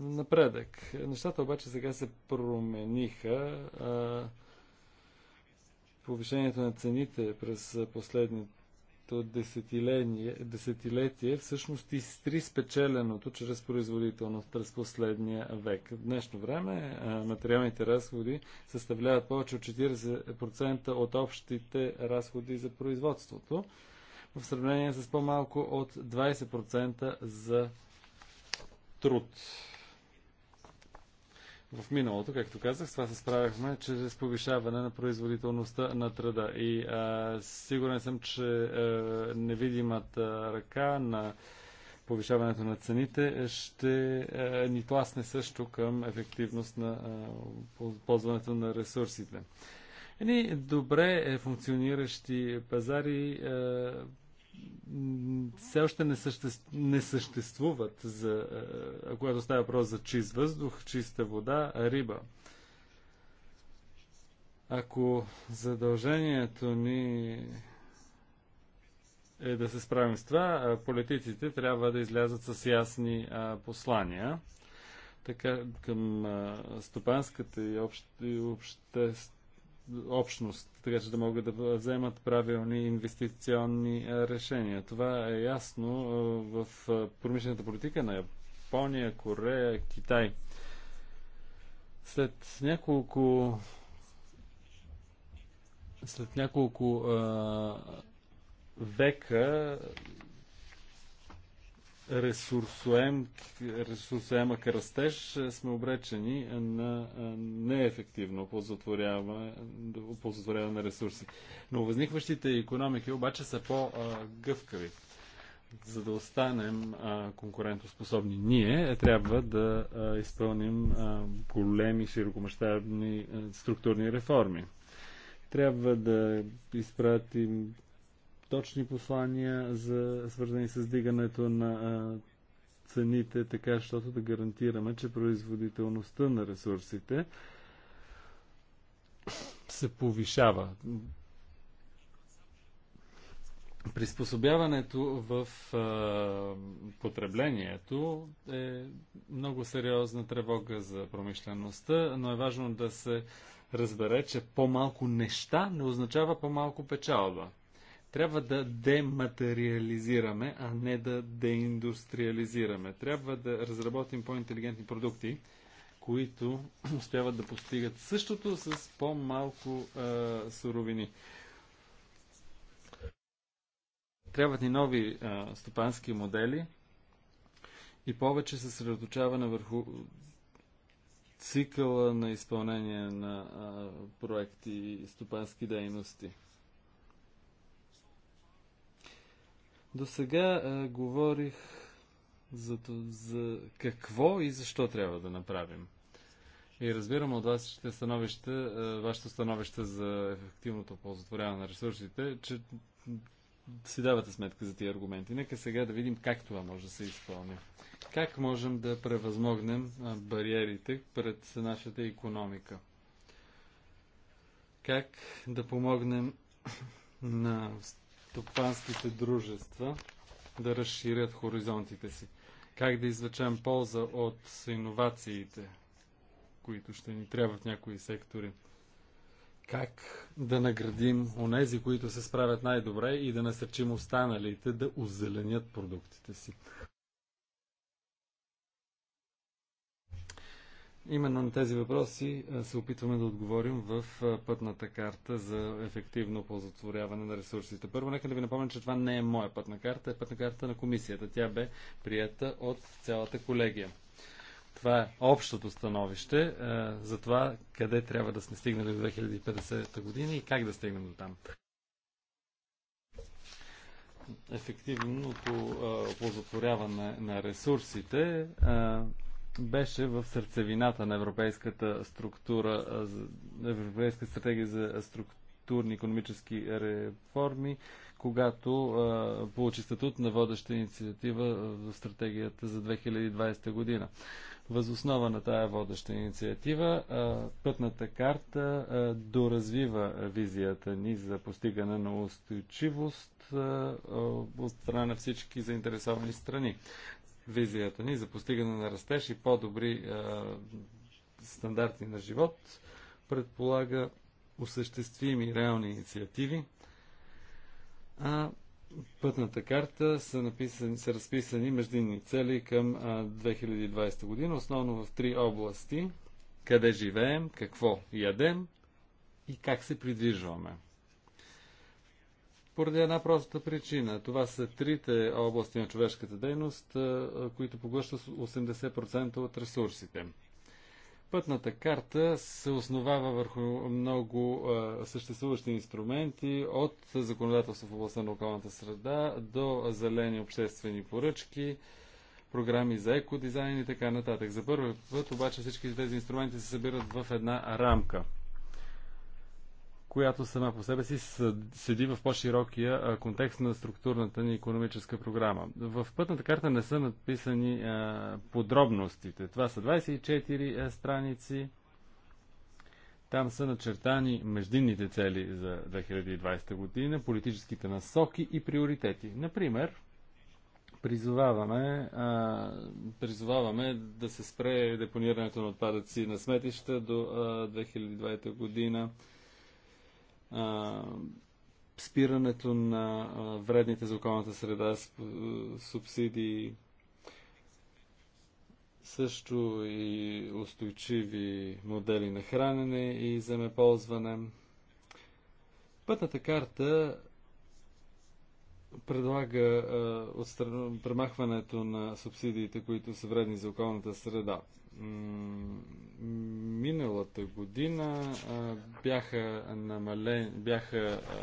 напредък. Нещата обаче сега се промениха. А, повишението на цените през последните последното десетилетие всъщност изтри спечеленото чрез производителност през последния век. В днешно време материалните разходи съставляват повече от 40% от общите разходи за производството, в сравнение с по-малко от 20% за труд. В миналото, както казах, с това се справяхме чрез повишаване на производителността на труда. И а, сигурен съм, че а, невидимата ръка на повишаването на цените ще а, ни тласне също към ефективност на а, ползването на ресурсите. Едни добре е, функциониращи пазари а, все още не, съществ... не съществуват, за, е, е, когато става въпрос за чист въздух, чиста вода, риба. Ако задължението ни е да се справим с това, политиците трябва да излязат с ясни послания така, към стопанската и, общ... и обществената общност, така че да могат да вземат правилни инвестиционни решения. Това е ясно в промишлената политика на Япония, Корея, Китай. След няколко след няколко а, века ресурсоем, ресурсоемък растеж е, сме обречени на е, неефективно оползотворяване, оползотворяване на ресурси. Но възникващите економики обаче са по-гъвкави. За да останем е, конкурентоспособни ние, трябва да изпълним големи, широкомащабни структурни реформи. Трябва да изпратим точни послания, за, свързани с дигането на цените, така, защото да гарантираме, че производителността на ресурсите се повишава. Приспособяването в а, потреблението е много сериозна тревога за промишлеността, но е важно да се разбере, че по-малко неща не означава по-малко печалба. Трябва да дематериализираме, а не да деиндустриализираме. Трябва да разработим по-интелигентни продукти, които *clears throat* успяват да постигат същото с по-малко суровини. Трябват ни нови а, стопански модели и повече съсредоточаване върху цикъла на изпълнение на а, проекти и стопански дейности. До сега а, говорих за, за какво и защо трябва да направим. И разбирам от вас, ще становище, а, вашето становище за ефективното ползотворяване на ресурсите, че си давате сметка за тия аргументи. Нека сега да видим как това може да се изпълни. Как можем да превъзмогнем бариерите пред нашата економика? Как да помогнем на стопанските дружества да разширят хоризонтите си? Как да извлечем полза от иновациите, които ще ни трябват в някои сектори? Как да наградим онези, които се справят най-добре и да насърчим останалите да озеленят продуктите си? Именно на тези въпроси се опитваме да отговорим в пътната карта за ефективно ползотворяване на ресурсите. Първо, нека да ви напомня, че това не е моя пътна карта, е пътна карта на комисията. Тя бе прията от цялата колегия. Това е общото становище за това къде трябва да сме стигнали до 2050 година и как да стигнем до там. Ефективното ползотворяване на ресурсите беше в сърцевината на европейската структура, европейска стратегия за структурни економически реформи, когато а, получи статут на водеща инициатива в стратегията за 2020 година. Възоснова на тая водеща инициатива, а, пътната карта а, доразвива визията ни за постигане на устойчивост а, от страна на всички заинтересовани страни визията ни за постигане на растеж и по-добри е, стандарти на живот предполага осъществими реални инициативи, а пътната карта са, написани, са разписани междинни цели към 2020 година, основно в три области – къде живеем, какво ядем и как се придвижваме. Поради една проста причина. Това са трите области на човешката дейност, които поглъщат 80% от ресурсите. Пътната карта се основава върху много съществуващи инструменти от законодателство в областта на околната среда до зелени обществени поръчки, програми за екодизайн и така нататък. За първи път обаче всички тези инструменти се събират в една рамка – която сама по себе си седи в по-широкия контекст на структурната ни економическа програма. В пътната карта не са написани подробностите. Това са 24 страници. Там са начертани междинните цели за 2020 година, политическите насоки и приоритети. Например, призоваваме, а, призоваваме да се спре депонирането на отпадъци на сметища до а, 2020 година спирането на вредните за околната среда субсидии, също и устойчиви модели на хранене и земеползване. Пътната карта предлага а, отстран... премахването на субсидиите, които са вредни за околната среда миналата година а, бяха, намален, бяха а,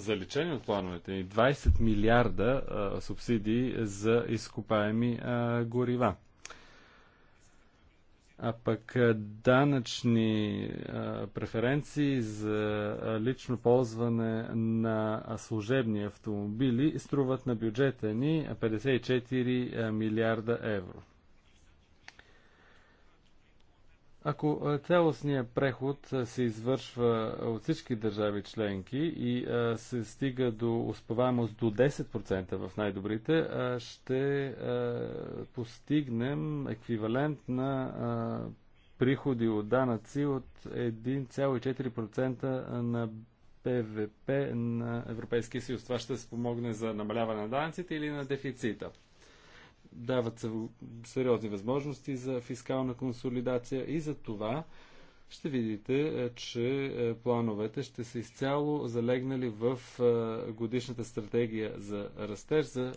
заличени от плановете ни 20 милиарда а, субсидии за изкопаеми горива. А пък данъчни а, преференции за лично ползване на служебни автомобили струват на бюджета ни 54 милиарда евро. Ако цялостният преход се извършва от всички държави членки и се стига до успеваемост до 10% в най-добрите, ще постигнем еквивалент на приходи от данъци от 1,4% на ПВП на Европейския съюз. Това ще спомогне за намаляване на данъците или на дефицита. Дават се сериозни възможности за фискална консолидация и за това ще видите, е, че е, плановете ще са изцяло залегнали в е, годишната стратегия за растеж за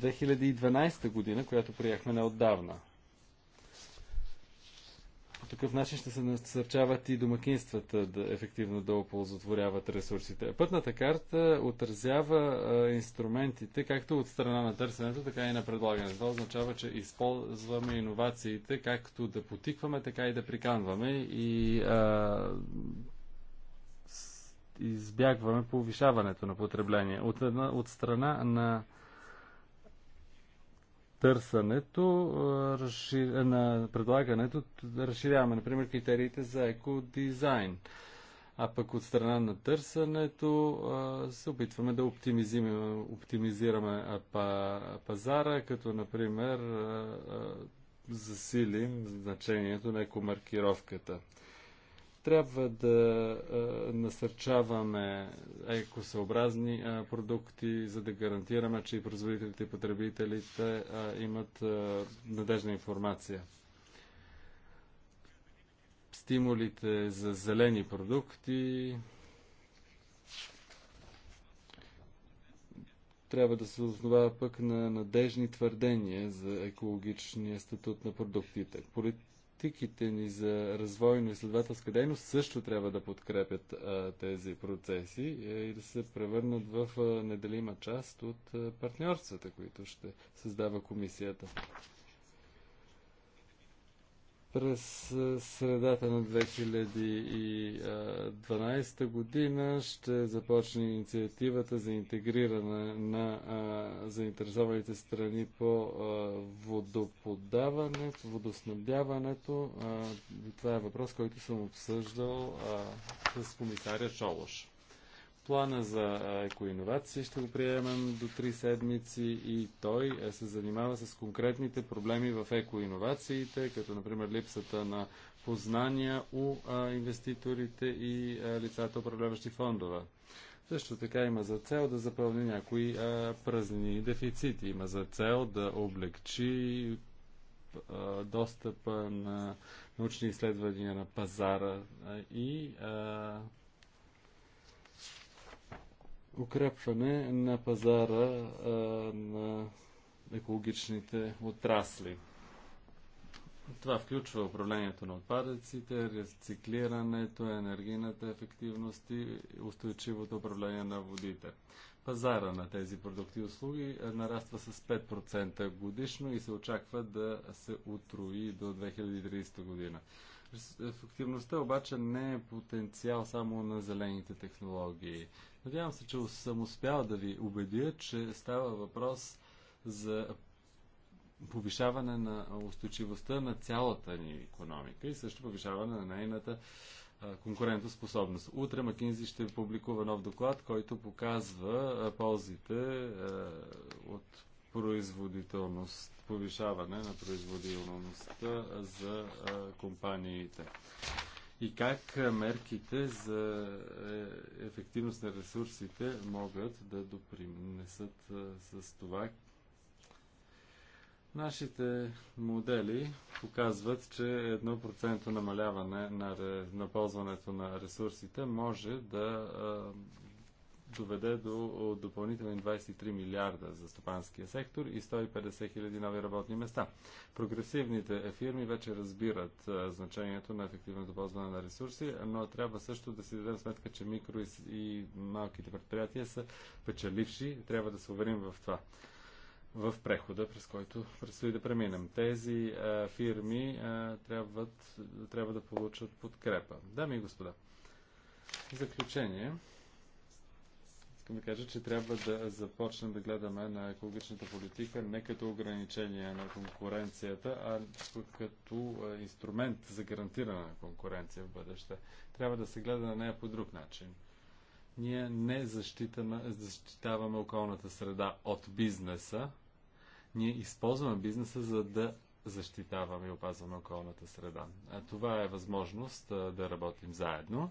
2012 година, която приехме неотдавна. По такъв начин ще се насърчават и домакинствата да ефективно да оползотворяват ресурсите. Пътната карта отразява инструментите както от страна на търсенето, така и на предлагането. Това означава, че използваме иновациите както да потикваме, така и да приканваме и а, избягваме повишаването на потребление. От, една, от страна на търсенето, на предлагането, да разширяваме, например, критериите за екодизайн. А пък от страна на търсенето се опитваме да оптимизираме, оптимизираме пазара, като, например, засилим значението на екомаркировката. Трябва да насърчаваме екосъобразни продукти, за да гарантираме, че и производителите и потребителите имат надежна информация стимулите за зелени продукти трябва да се основава пък на надежни твърдения за екологичния статут на продуктите политиките ни за развойно-изследователска дейност също трябва да подкрепят а, тези процеси е, и да се превърнат в а, неделима част от а, партньорствата, които ще създава комисията през средата на 2012 година ще започне инициативата за интегриране на заинтересованите страни по водоподаването, водоснабдяването. това е въпрос, който съм обсъждал с комисаря Чолош. Плана за екоинновации ще го приемем до 3 седмици и той е, се занимава с конкретните проблеми в екоинновациите, като например липсата на познания у а, инвеститорите и а, лицата управляващи фондове. Също така има за цел да запълни някои а, дефицити. Има за цел да облегчи а, достъпа на научни изследвания на пазара а, и а, укрепване на пазара а, на екологичните отрасли. Това включва управлението на отпадъците, рециклирането, енергийната ефективност и устойчивото управление на водите. Пазара на тези продукти и услуги нараства с 5% годишно и се очаква да се утрои до 2030 година. Ефективността обаче не е потенциал само на зелените технологии. Надявам се, че съм успял да ви убедя, че става въпрос за повишаване на устойчивостта на цялата ни економика и също повишаване на нейната конкурентоспособност. Утре Макинзи ще публикува нов доклад, който показва ползите от производителност, повишаване на производителността за компаниите и как мерките за е, ефективност на ресурсите могат да допринесат е, с това. Нашите модели показват, че 1% намаляване на, на ползването на ресурсите може да е, доведе до допълнителни 23 милиарда за стопанския сектор и 150 хиляди нови работни места. Прогресивните фирми вече разбират е, значението на ефективното ползване на ресурси, но трябва също да си дадем сметка, че микро и, малките предприятия са печеливши. Трябва да се уверим в това в прехода, през който предстои да преминем. Тези а, е, фирми а, е, трябват, трябва да получат подкрепа. Дами и господа, в заключение, Искам да кажа, че трябва да започнем да гледаме на екологичната политика не като ограничение на конкуренцията, а като е, инструмент за гарантиране на конкуренция в бъдеще. Трябва да се гледа на нея по друг начин. Ние не защитаваме околната среда от бизнеса. Ние използваме бизнеса, за да защитаваме и опазваме околната среда. това е възможност е, да работим заедно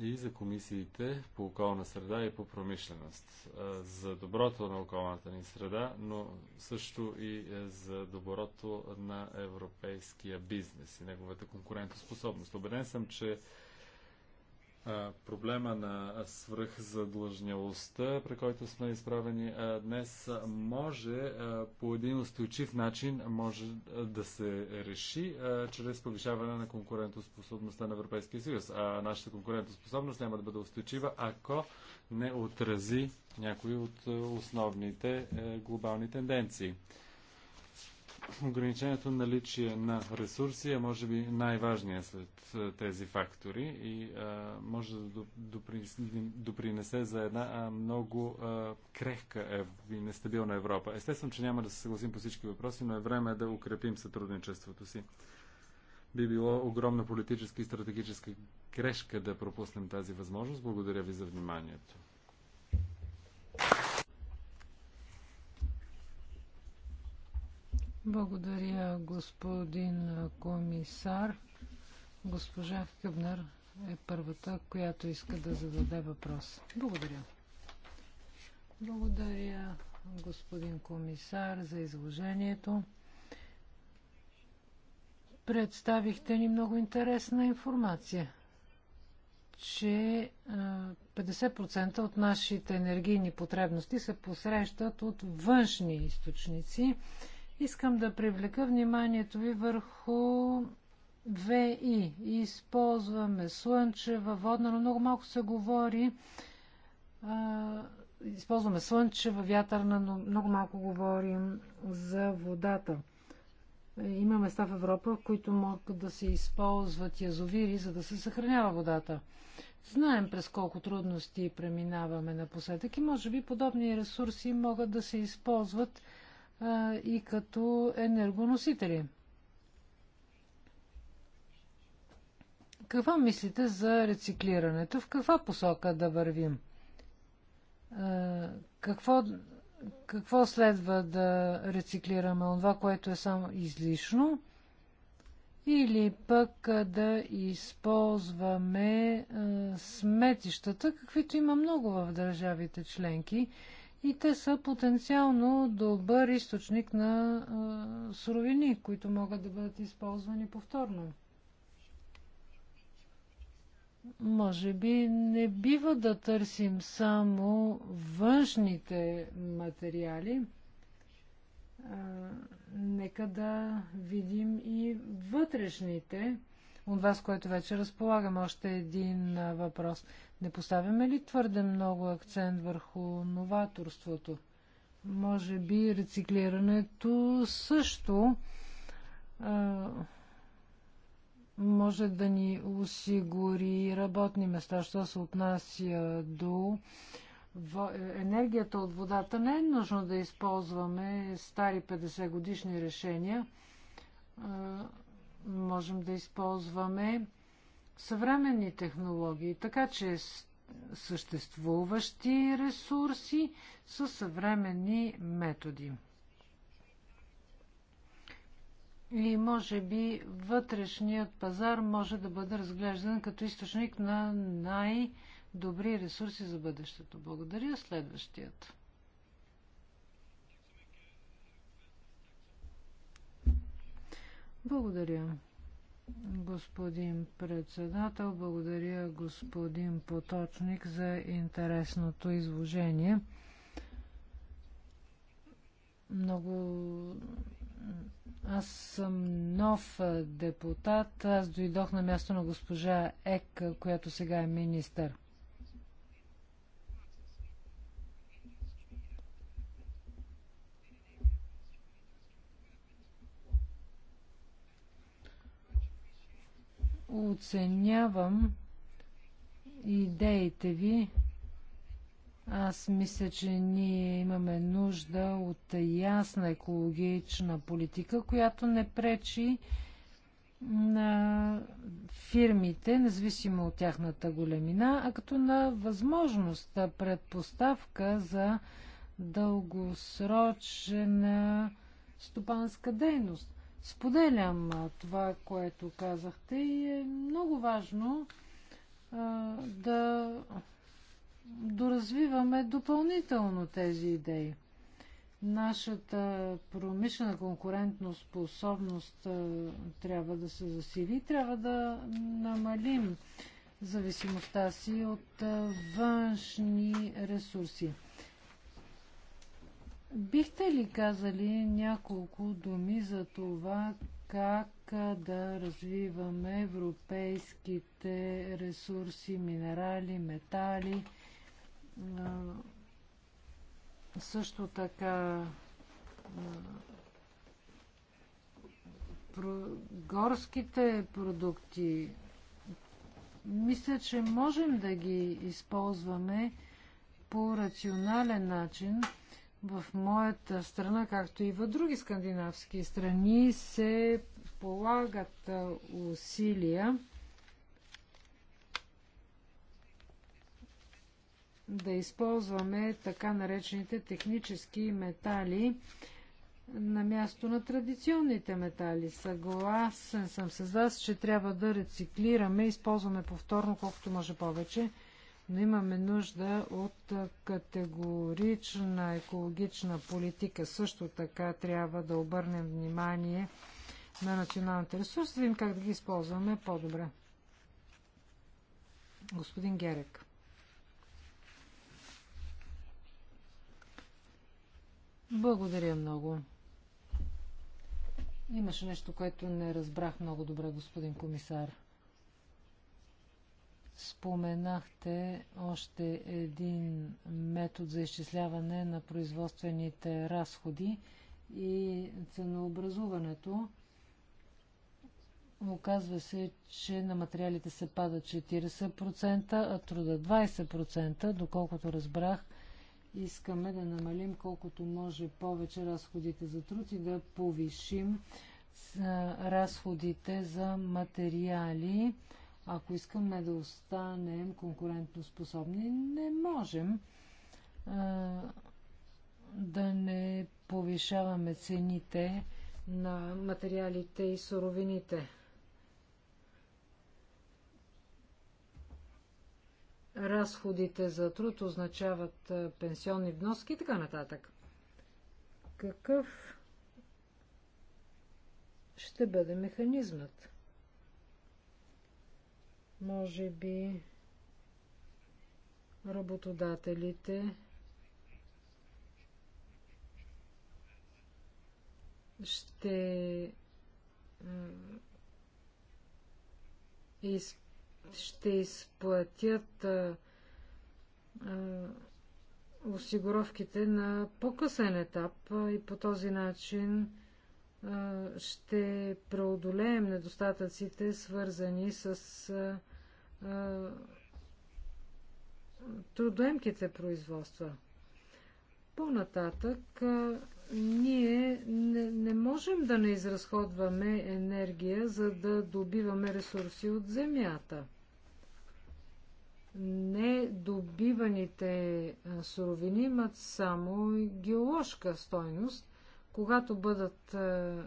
и за комисиите по околна среда и по промишленост. За доброто на околната ни среда, но също и е, за доброто на европейския бизнес и неговата конкурентоспособност. Обеден съм, че проблема на свръхзадлъжнялостта, при който сме изправени днес, може по един устойчив начин може да се реши чрез повишаване на конкурентоспособността на Европейския съюз. А нашата конкурентоспособност няма да бъде устойчива, ако не отрази някои от основните е, глобални тенденции ограничението на наличие на ресурси е, може би, най-важният след тези фактори и а, може да допринесе за една а, много а, крехка и нестабилна Европа. Естествено, че няма да се съгласим по всички въпроси, но е време да укрепим сътрудничеството си. Би било огромна политическа и стратегическа грешка да пропуснем тази възможност. Благодаря ви за вниманието. Благодаря, господин комисар. Госпожа Хъбнер е първата, която иска да зададе въпрос. Благодаря. Благодаря, господин комисар, за изложението. Представихте ни много интересна информация, че 50% от нашите енергийни потребности се посрещат от външни източници. Искам да привлека вниманието ви върху ВИ. Използваме слънчева водна, но много малко се говори. използваме слънчева вятърна, но много малко говорим за водата. Има места в Европа, в които могат да се използват язовири, за да се съхранява водата. Знаем през колко трудности преминаваме напоследък и може би подобни ресурси могат да се използват а, и като енергоносители. Какво мислите за рециклирането? В каква посока да вървим? А, какво, какво следва да рециклираме? Това, което е само излишно? Или пък да използваме а, сметищата, каквито има много в държавите членки и те са потенциално добър източник на а, суровини, които могат да бъдат използвани повторно. Може би не бива да търсим само външните материали. А, нека да видим и вътрешните от вас, което вече разполагам. Още един въпрос. Не поставяме ли твърде много акцент върху новаторството? Може би рециклирането също а, може да ни осигури работни места, що се отнася до е, енергията от водата. Не е нужно да използваме стари 50 годишни решения. А, можем да използваме съвременни технологии, така че съществуващи ресурси с съвременни методи. И може би вътрешният пазар може да бъде разглеждан като източник на най-добри ресурси за бъдещето. Благодаря. Следващият. Благодаря, господин председател. Благодаря, господин Поточник, за интересното изложение. Много аз съм нов депутат. Аз дойдох на място на госпожа Ек, която сега е министър. оценявам идеите ви. Аз мисля, че ние имаме нужда от ясна екологична политика, която не пречи на фирмите, независимо от тяхната големина, а като на възможност, предпоставка за дългосрочна стопанска дейност. Споделям това, което казахте и е много важно а, да доразвиваме допълнително тези идеи. Нашата промишлена конкурентна способност а, трябва да се засили. Трябва да намалим зависимостта си от а, външни ресурси. Бихте ли казали няколко думи за това как да развиваме европейските ресурси, минерали, метали, също така горските продукти, мисля, че можем да ги използваме по рационален начин, в моята страна, както и в други скандинавски страни, се полагат усилия да използваме така наречените технически метали на място на традиционните метали. Съгласен съм с вас, че трябва да рециклираме, използваме повторно колкото може повече но имаме нужда от категорична екологична политика. Също така трябва да обърнем внимание на националните ресурси, да видим как да ги използваме по-добре. Господин Герек. Благодаря много. Имаше нещо, което не разбрах много добре, господин комисар. Споменахте още един метод за изчисляване на производствените разходи и ценообразуването. Оказва се, че на материалите се пада 40%, а труда 20%. Доколкото разбрах, искаме да намалим колкото може повече разходите за труд и да повишим разходите за материали. Ако искаме да останем конкурентоспособни, не можем а, да не повишаваме цените на материалите и суровините. разходите за труд означават пенсионни вноски и така нататък. Какъв ще бъде механизмът? Може би работодателите ще ще изплатят осигуровките на по-късен етап и по този начин ще преодолеем недостатъците, свързани с трудоемките производства. По-нататък ние не, не можем да не изразходваме енергия, за да добиваме ресурси от земята. Недобиваните суровини имат само геоложка стойност когато бъдат е,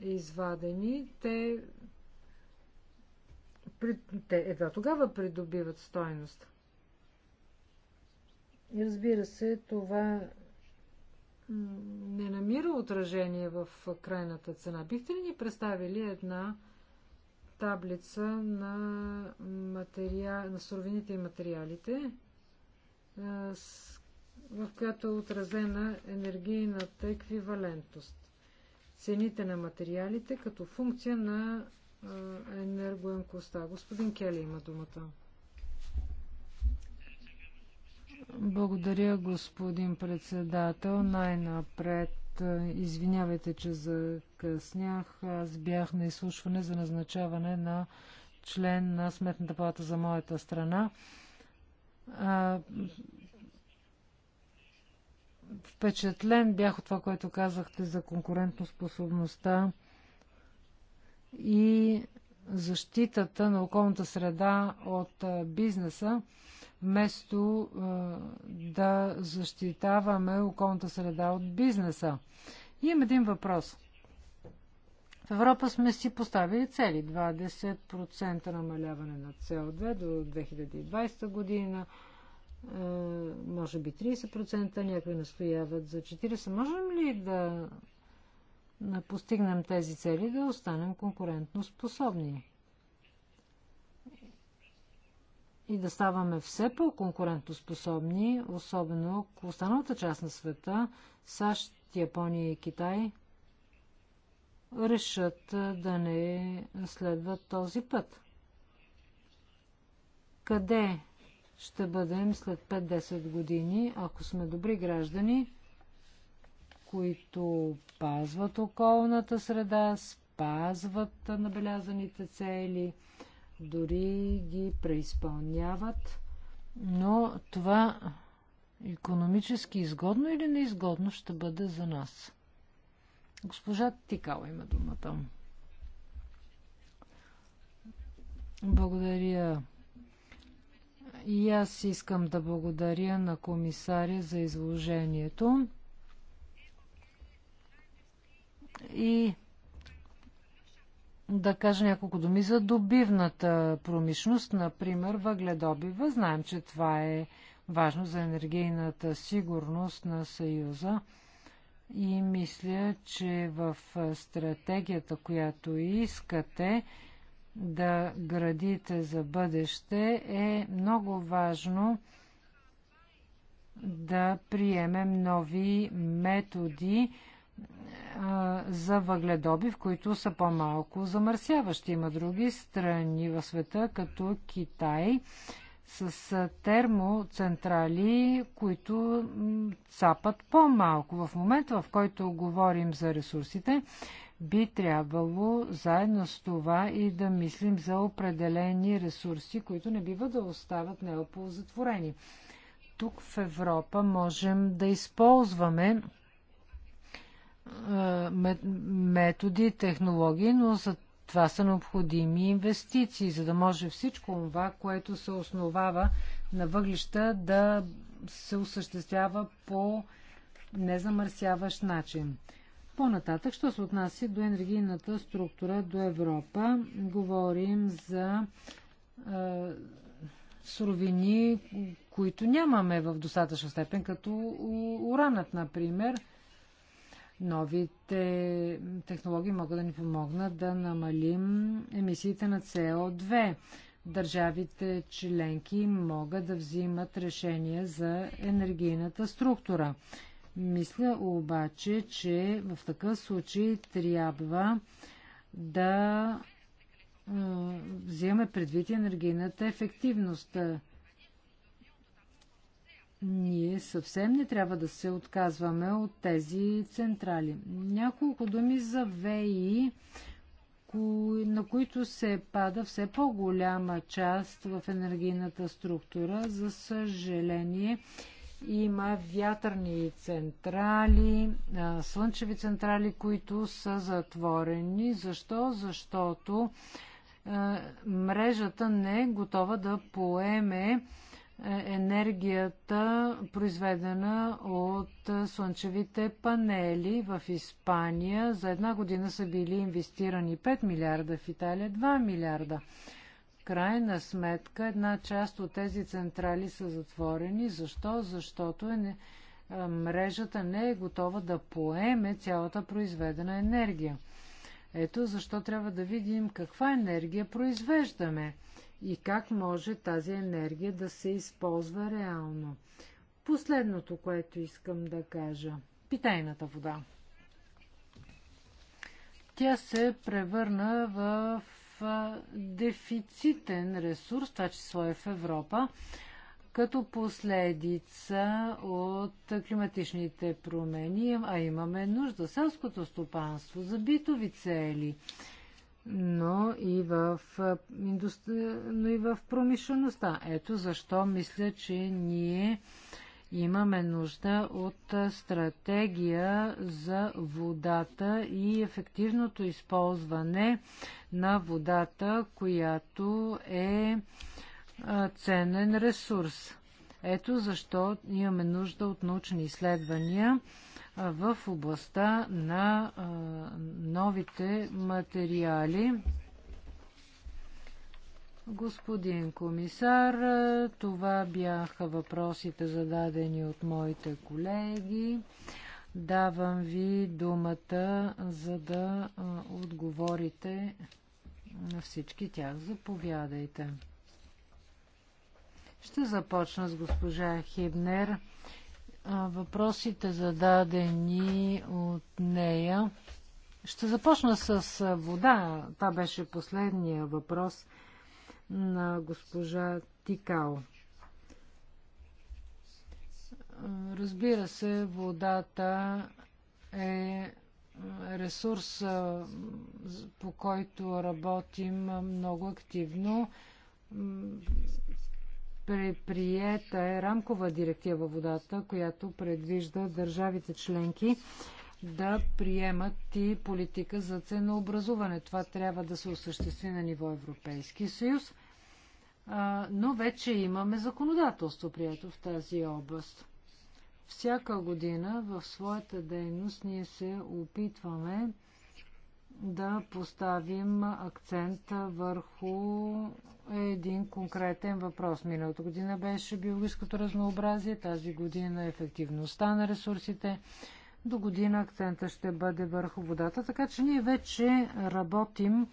е, извадени, те, те едва тогава придобиват стойност. И разбира се, това не намира отражение в крайната цена. Бихте ли ни представили една таблица на, материал, на суровините и материалите, е, в която е отразена енергийната еквивалентност. Цените на материалите като функция на енергоемкостта. Господин Кели има думата. Благодаря, господин председател. Най-напред, извинявайте, че закъснях. Аз бях на изслушване за назначаване на член на Сметната палата за моята страна. Впечатлен бях от това, което казахте за конкурентоспособността и защитата на околната среда от бизнеса, вместо да защитаваме околната среда от бизнеса. И имам един въпрос. В Европа сме си поставили цели 20% намаляване на CO2 до 2020 година, е, може би 30%, някои настояват за 40%. Можем ли да постигнем тези цели, да останем конкурентно способни? И да ставаме все по-конкурентно способни, особено ако останалата част на света, САЩ, Япония и Китай, решат е, да не следват този път. Къде ще бъдем след 5-10 години, ако сме добри граждани, които пазват околната среда, спазват набелязаните цели, дори ги преизпълняват. Но това економически изгодно или неизгодно ще бъде за нас. Госпожа Тикала има думата. Благодаря, и аз искам да благодаря на комисаря за изложението. И да кажа няколко думи за добивната промишленост, например въгледобива. Знаем, че това е важно за енергийната сигурност на Съюза. И мисля, че в стратегията, която искате, да градите за бъдеще, е много важно да приемем нови методи за въгледоби, в които са по-малко замърсяващи. Има други страни в света, като Китай, с термоцентрали, които цапат по-малко. В момента, в който говорим за ресурсите, би трябвало заедно с това и да мислим за определени ресурси, които не бива да остават неоползатворени. Тук в Европа можем да използваме методи, технологии, но за това са необходими инвестиции, за да може всичко това, което се основава на въглища, да се осъществява по незамърсяващ начин. По-нататък, що се отнася до енергийната структура до Европа, говорим за е, суровини, които нямаме в достатъчна степен, като уранът, например. Новите технологии могат да ни помогнат да намалим емисиите на CO2. Държавите членки могат да взимат решения за енергийната структура мисля обаче, че в такъв случай трябва да вземаме предвид енергийната ефективност. Ние съвсем не трябва да се отказваме от тези централи. Няколко думи за ВИ, на които се пада все по-голяма част в енергийната структура. За съжаление, има вятърни централи, слънчеви централи, които са затворени. Защо? Защото мрежата не е готова да поеме енергията, произведена от слънчевите панели в Испания. За една година са били инвестирани 5 милиарда, в Италия 2 милиарда крайна сметка една част от тези централи са затворени. Защо? Защото е не, мрежата не е готова да поеме цялата произведена енергия. Ето защо трябва да видим каква енергия произвеждаме и как може тази енергия да се използва реално. Последното, което искам да кажа – питайната вода. Тя се превърна в дефицитен ресурс, това число е в Европа, като последица от климатичните промени, а имаме нужда селското стопанство за битови цели, но и в, индустри... но и в промишлеността. Ето защо мисля, че ние Имаме нужда от стратегия за водата и ефективното използване на водата, която е ценен ресурс. Ето защо имаме нужда от научни изследвания в областта на новите материали. Господин комисар, това бяха въпросите зададени от моите колеги. Давам ви думата, за да отговорите на всички тях. Заповядайте. Ще започна с госпожа Хибнер. Въпросите зададени от нея. Ще започна с вода. Това беше последния въпрос – на госпожа Тикао. Разбира се, водата е ресурс, по който работим много активно. Приета е рамкова директива водата, която предвижда държавите членки да приемат и политика за ценообразуване. Това трябва да се осъществи на ниво Европейски съюз, но вече имаме законодателство, прието в тази област. Всяка година в своята дейност ние се опитваме да поставим акцент върху един конкретен въпрос. Миналата година беше биологическото разнообразие, тази година ефективността на ресурсите, до година акцента ще бъде върху водата, така че ние вече работим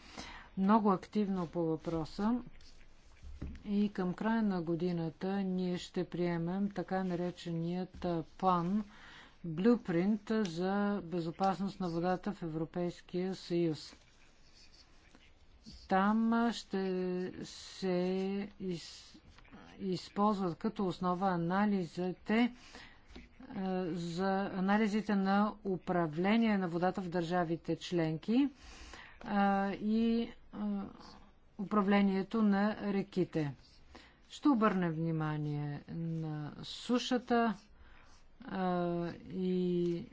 много активно по въпроса и към края на годината ние ще приемем така нареченият план Блюпринт за безопасност на водата в Европейския съюз. Там ще се из... използват като основа анализите е, за анализите на управление на водата в държавите членки е, и е, управлението на реките. Ще обърнем внимание на сушата и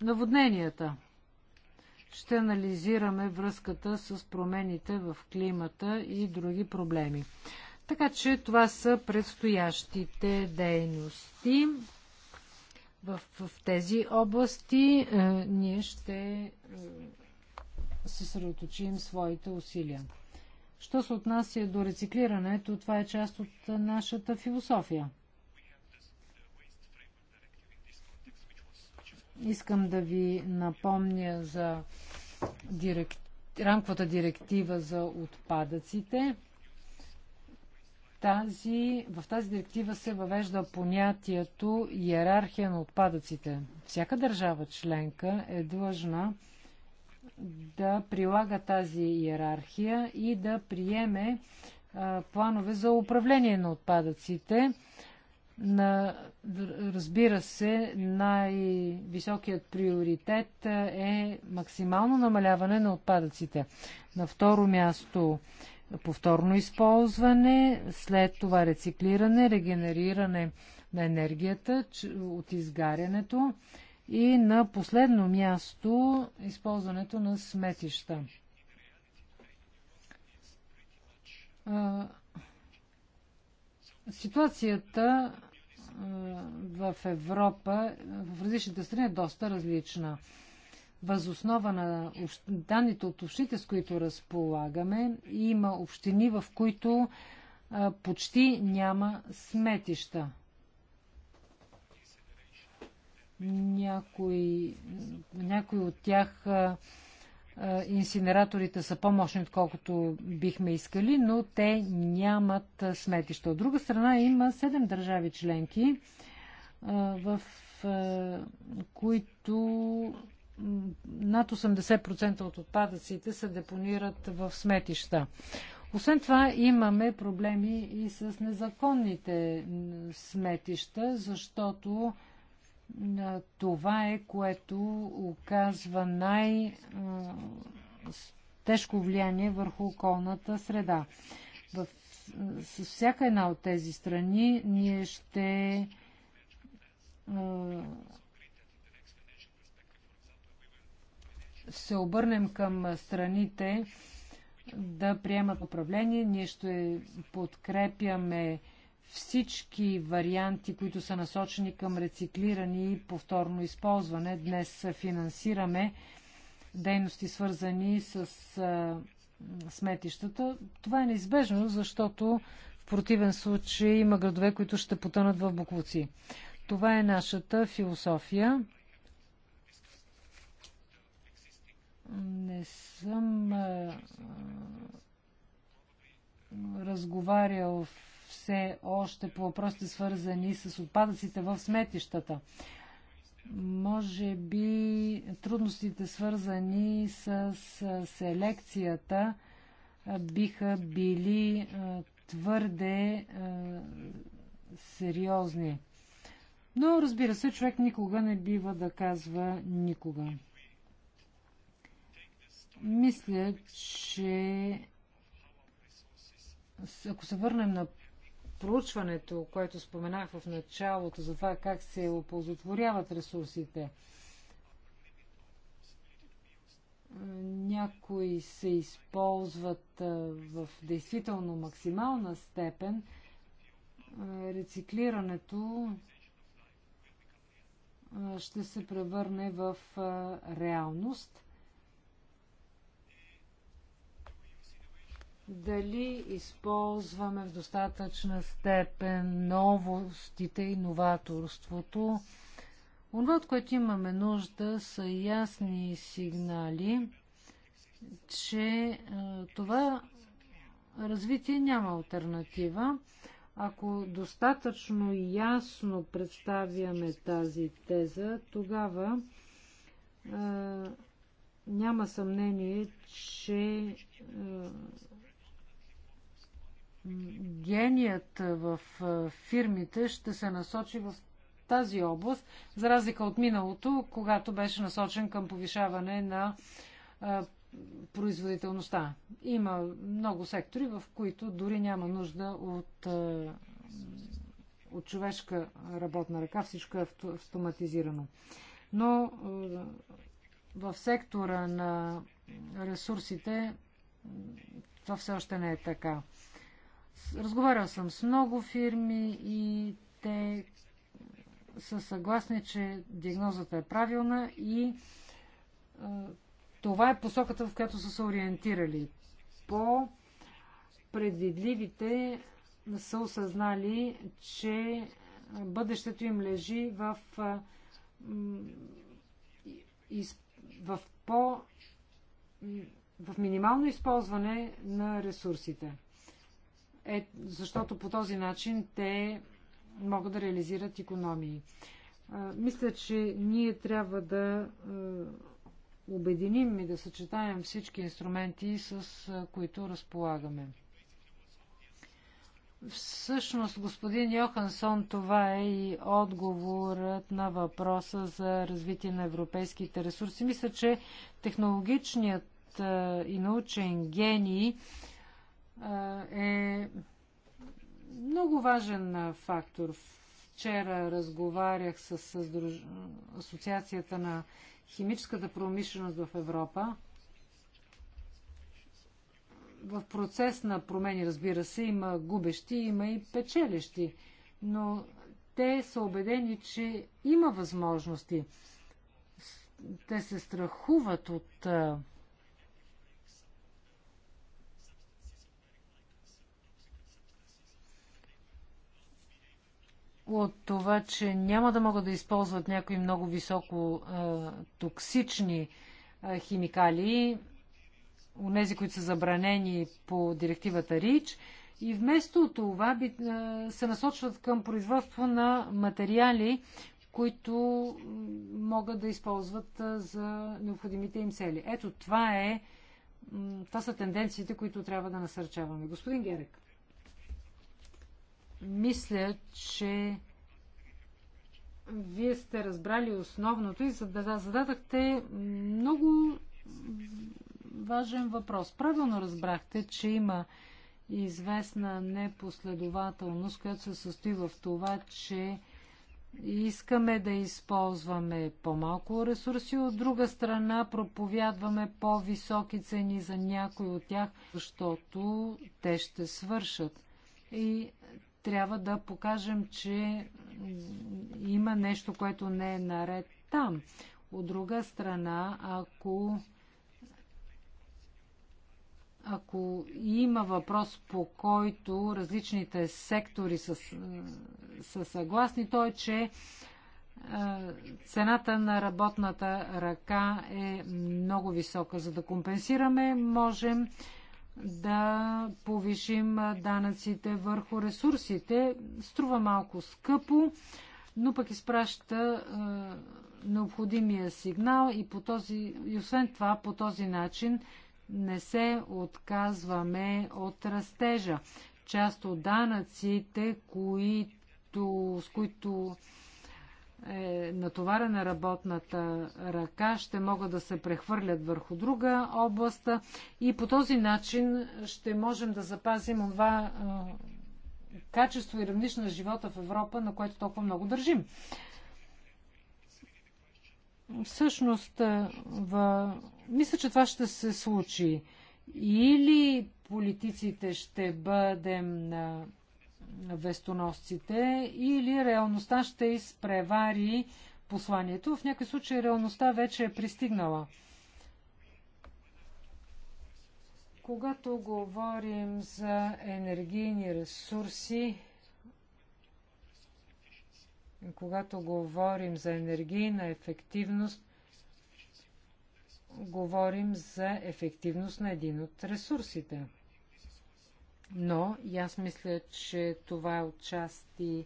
наводненията. Ще анализираме връзката с промените в климата и други проблеми. Така че това са предстоящите дейности. В, в тези области е, ние ще е, съсредоточим своите усилия. Що се отнася до рециклирането, това е част от нашата философия. Искам да ви напомня за директ... рамковата директива за отпадъците. Тази, в тази директива се въвежда понятието иерархия на отпадъците. Всяка държава членка е длъжна да прилага тази иерархия и да приеме а, планове за управление на отпадъците. На, разбира се, най-високият приоритет е максимално намаляване на отпадъците. На второ място повторно използване, след това рециклиране, регенериране на енергията от изгарянето и на последно място използването на сметища. Ситуацията в Европа, в различните страни е доста различна. Възоснова на данните от общите, с които разполагаме, има общини, в които почти няма сметища. Някои, някои от тях инсинераторите са по-мощни, отколкото бихме искали, но те нямат сметища. От друга страна има 7 държави членки, в които над 80% от отпадъците се депонират в сметища. Освен това имаме проблеми и с незаконните сметища, защото това е, което оказва най-тежко влияние върху околната среда. В, с всяка една от тези страни ние ще се обърнем към страните да приемат управление. Ние ще подкрепяме всички варианти, които са насочени към рециклиране и повторно използване. Днес финансираме дейности, свързани с сметищата. Това е неизбежно, защото в противен случай има градове, които ще потънат в буквуци. Това е нашата философия. Не съм а, разговарял все още по въпросите свързани с отпадъците в сметищата. Може би трудностите свързани с селекцията биха били твърде сериозни. Но разбира се, човек никога не бива да казва никога. Мисля, че ако се върнем на проучването, което споменах в началото за това как се оползотворяват ресурсите, някои се използват в действително максимална степен, рециклирането ще се превърне в реалност. дали използваме в достатъчна степен новостите и новаторството. Онова, от което имаме нужда, са ясни сигнали, че това развитие няма альтернатива. Ако достатъчно ясно представяме тази теза, тогава е, няма съмнение, че е, геният в фирмите ще се насочи в тази област, за разлика от миналото, когато беше насочен към повишаване на производителността. Има много сектори, в които дори няма нужда от, от човешка работна ръка, всичко е автоматизирано. Но в сектора на ресурсите това все още не е така. Разговарял съм с много фирми и те са съгласни, че диагнозата е правилна и а, е, това е посоката, в която са се ориентирали. По предвидливите са осъзнали, че бъдещето им лежи в, а, е, из, в по в минимално използване на ресурсите е, защото по този начин те могат да реализират економии. Мисля, че ние трябва да обединим и да съчетаем всички инструменти, с които разполагаме. Всъщност, господин Йохансон, това е и отговорът на въпроса за развитие на европейските ресурси. Мисля, че технологичният и научен гений е много важен фактор. Вчера разговарях с, Асоциацията на химическата промишленост в Европа. В процес на промени, разбира се, има губещи, има и печелещи, но те са убедени, че има възможности. Те се страхуват от от това, че няма да могат да използват някои много високо а, токсични а, химикали, унези, които са забранени по директивата РИЧ, и вместо това би, а, се насочват към производство на материали, които могат да използват а, за необходимите им цели. Ето това е. Това са тенденциите, които трябва да насърчаваме. Господин Герек. Мисля, че вие сте разбрали основното и зададахте много важен въпрос. Правилно разбрахте, че има известна непоследователност, която се състои в това, че искаме да използваме по-малко ресурси, от друга страна проповядваме по-високи цени за някои от тях, защото те ще свършат. И трябва да покажем, че има нещо, което не е наред там. От друга страна, ако ако има въпрос, по който различните сектори са, са съгласни, то е, че е, цената на работната ръка е много висока. За да компенсираме, можем да повишим данъците върху ресурсите. Струва малко скъпо, но пък изпраща е, необходимия сигнал и, по този, и освен това по този начин не се отказваме от растежа. Част от данъците, които, с които е натоварена работната ръка, ще могат да се прехвърлят върху друга област и по този начин ще можем да запазим това е, качество и равнище на живота в Европа, на което толкова много държим. Всъщност, е, в... мисля, че това ще се случи. Или политиците ще бъдем на вестоносците или реалността ще изпревари посланието. В някакъв случай реалността вече е пристигнала. Когато говорим за енергийни ресурси, когато говорим за енергийна ефективност, говорим за ефективност на един от ресурсите – но и аз мисля, че това е отчасти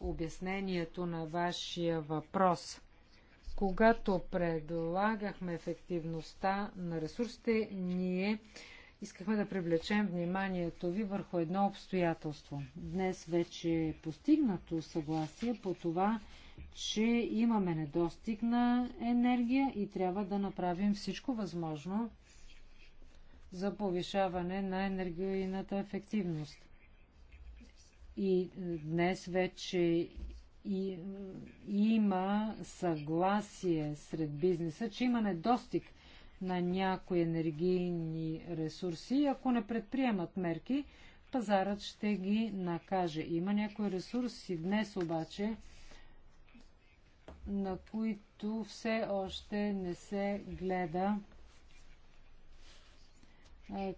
обяснението на вашия въпрос. Когато предлагахме ефективността на ресурсите, ние искахме да привлечем вниманието ви върху едно обстоятелство. Днес вече е постигнато съгласие по това, че имаме недостиг на енергия и трябва да направим всичко възможно, за повишаване на енергийната ефективност. И е, днес вече и, е, има съгласие сред бизнеса, че има недостиг на някои енергийни ресурси. Ако не предприемат мерки, пазарът ще ги накаже. Има някои ресурси днес обаче, на които все още не се гледа е,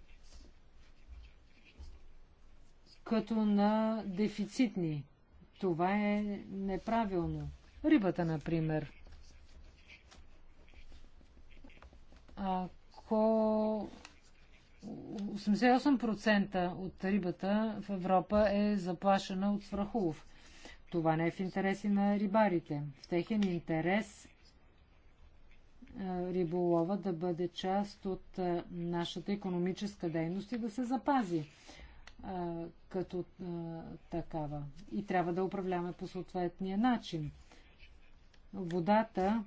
като на дефицитни. Това е неправилно. Рибата, например. Ако 88% от рибата в Европа е заплашена от свръхулов. Това не е в интереси на рибарите. В техен интерес е, риболова да бъде част от е, нашата економическа дейност и да се запази е, като такава. И трябва да управляваме по съответния начин. Водата,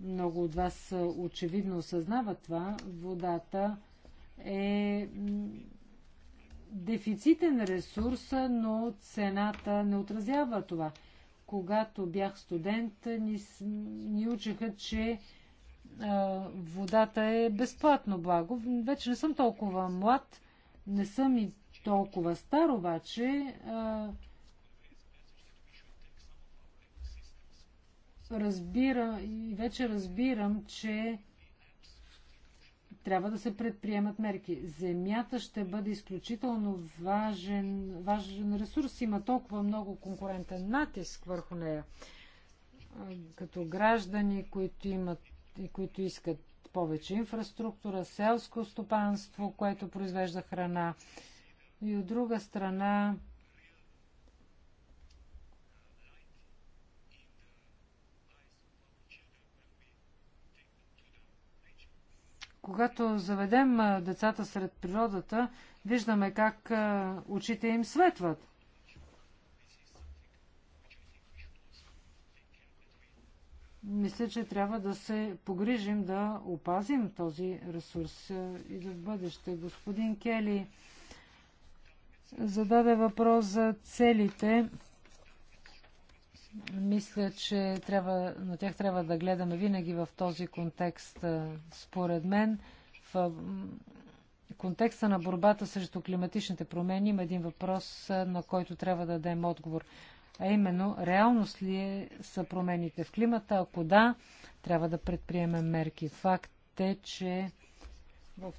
много от вас очевидно осъзнават това, водата е дефицитен ресурс, но цената не отразява това когато бях студент, ни, ни учиха, че а, водата е безплатно благо. Вече не съм толкова млад, не съм и толкова стар, обаче а, разбира, вече разбирам, че трябва да се предприемат мерки. Земята ще бъде изключително важен, важен ресурс. Има толкова много конкурентен натиск върху нея. Като граждани, които имат и които искат повече инфраструктура, селско стопанство, което произвежда храна. И от друга страна, Когато заведем децата сред природата, виждаме как очите им светват. Мисля, че трябва да се погрижим да опазим този ресурс и да в бъдеще. Господин Кели зададе въпрос за целите мисля, че трябва, на тях трябва да гледаме винаги в този контекст. Според мен, в контекста на борбата срещу климатичните промени има един въпрос, на който трябва да дадем отговор. А именно, реалност ли е, са промените в климата? Ако да, трябва да предприемем мерки. Факт е, че в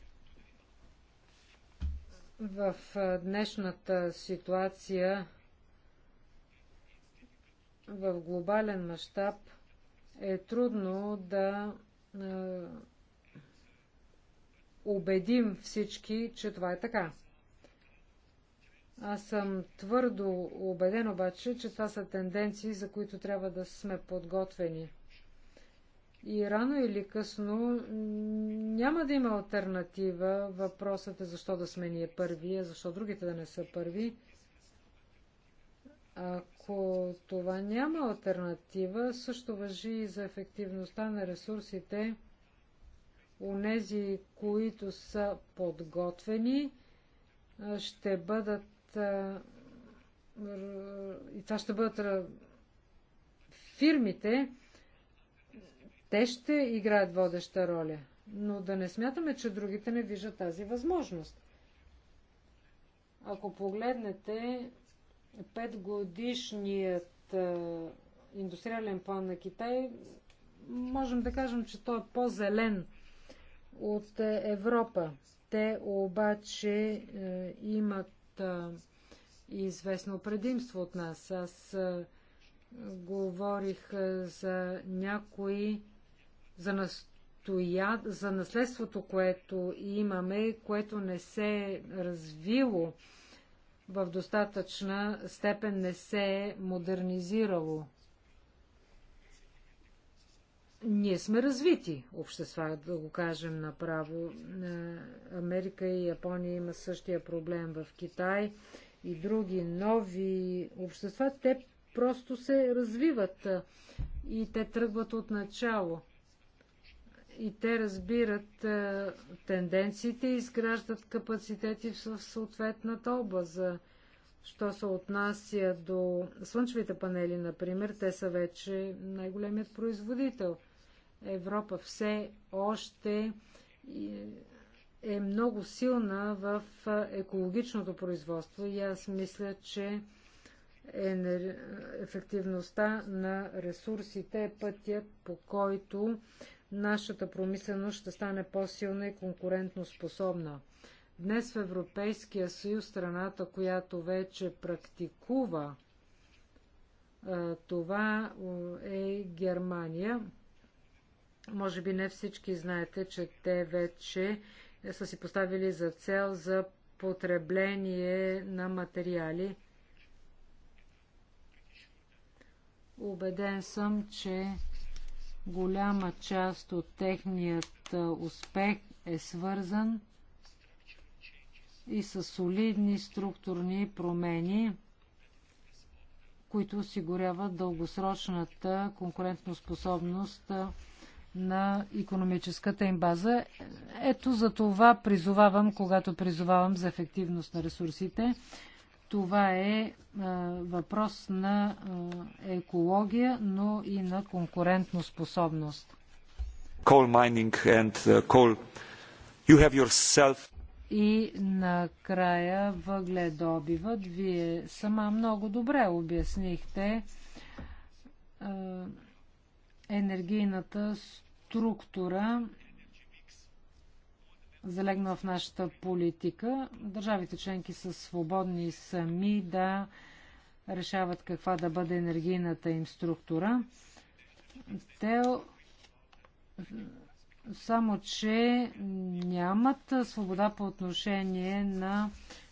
в днешната ситуация в глобален мащаб е трудно да е, убедим всички, че това е така. Аз съм твърдо убеден обаче, че това са тенденции, за които трябва да сме подготвени. И рано или късно няма да има альтернатива. Въпросът е защо да сме ние първи, а защо другите да не са първи ако това няма альтернатива, също въжи и за ефективността на ресурсите у нези, които са подготвени, ще бъдат и това ще бъдат фирмите, те ще играят водеща роля. Но да не смятаме, че другите не виждат тази възможност. Ако погледнете петгодишният индустриален план на Китай, можем да кажем, че той е по-зелен от е, Европа. Те обаче е, имат известно предимство от нас. Аз говорих за някои, за настоя... за наследството, което имаме, което не се е развило в достатъчна степен не се е модернизирало. Ние сме развити общества, да го кажем направо. Е, Америка и Япония има същия проблем в Китай и други нови общества. Те просто се развиват е, и те тръгват от начало и те разбират е, тенденциите и изграждат капацитети в съответната област. За, що се отнася до слънчевите панели, например, те са вече най-големият производител. Европа все още е, е много силна в е, екологичното производство и аз мисля, че енер... ефективността на ресурсите е пътят, по който нашата промисленост ще стане по-силна и конкурентоспособна. Днес в Европейския съюз страната, която вече практикува това е Германия. Може би не всички знаете, че те вече са си поставили за цел за потребление на материали. Убеден съм, че Голяма част от техният успех е свързан и с солидни структурни промени, които осигуряват дългосрочната конкурентоспособност на економическата им база. Ето за това призовавам, когато призовавам за ефективност на ресурсите. Това е въпрос на екология, но и на конкурентно способност. Uh, и накрая въгледобивът. Вие сама много добре обяснихте енергийната структура залегна в нашата политика. Държавите членки са свободни сами да решават каква да бъде енергийната им структура. Те само, че нямат свобода по отношение на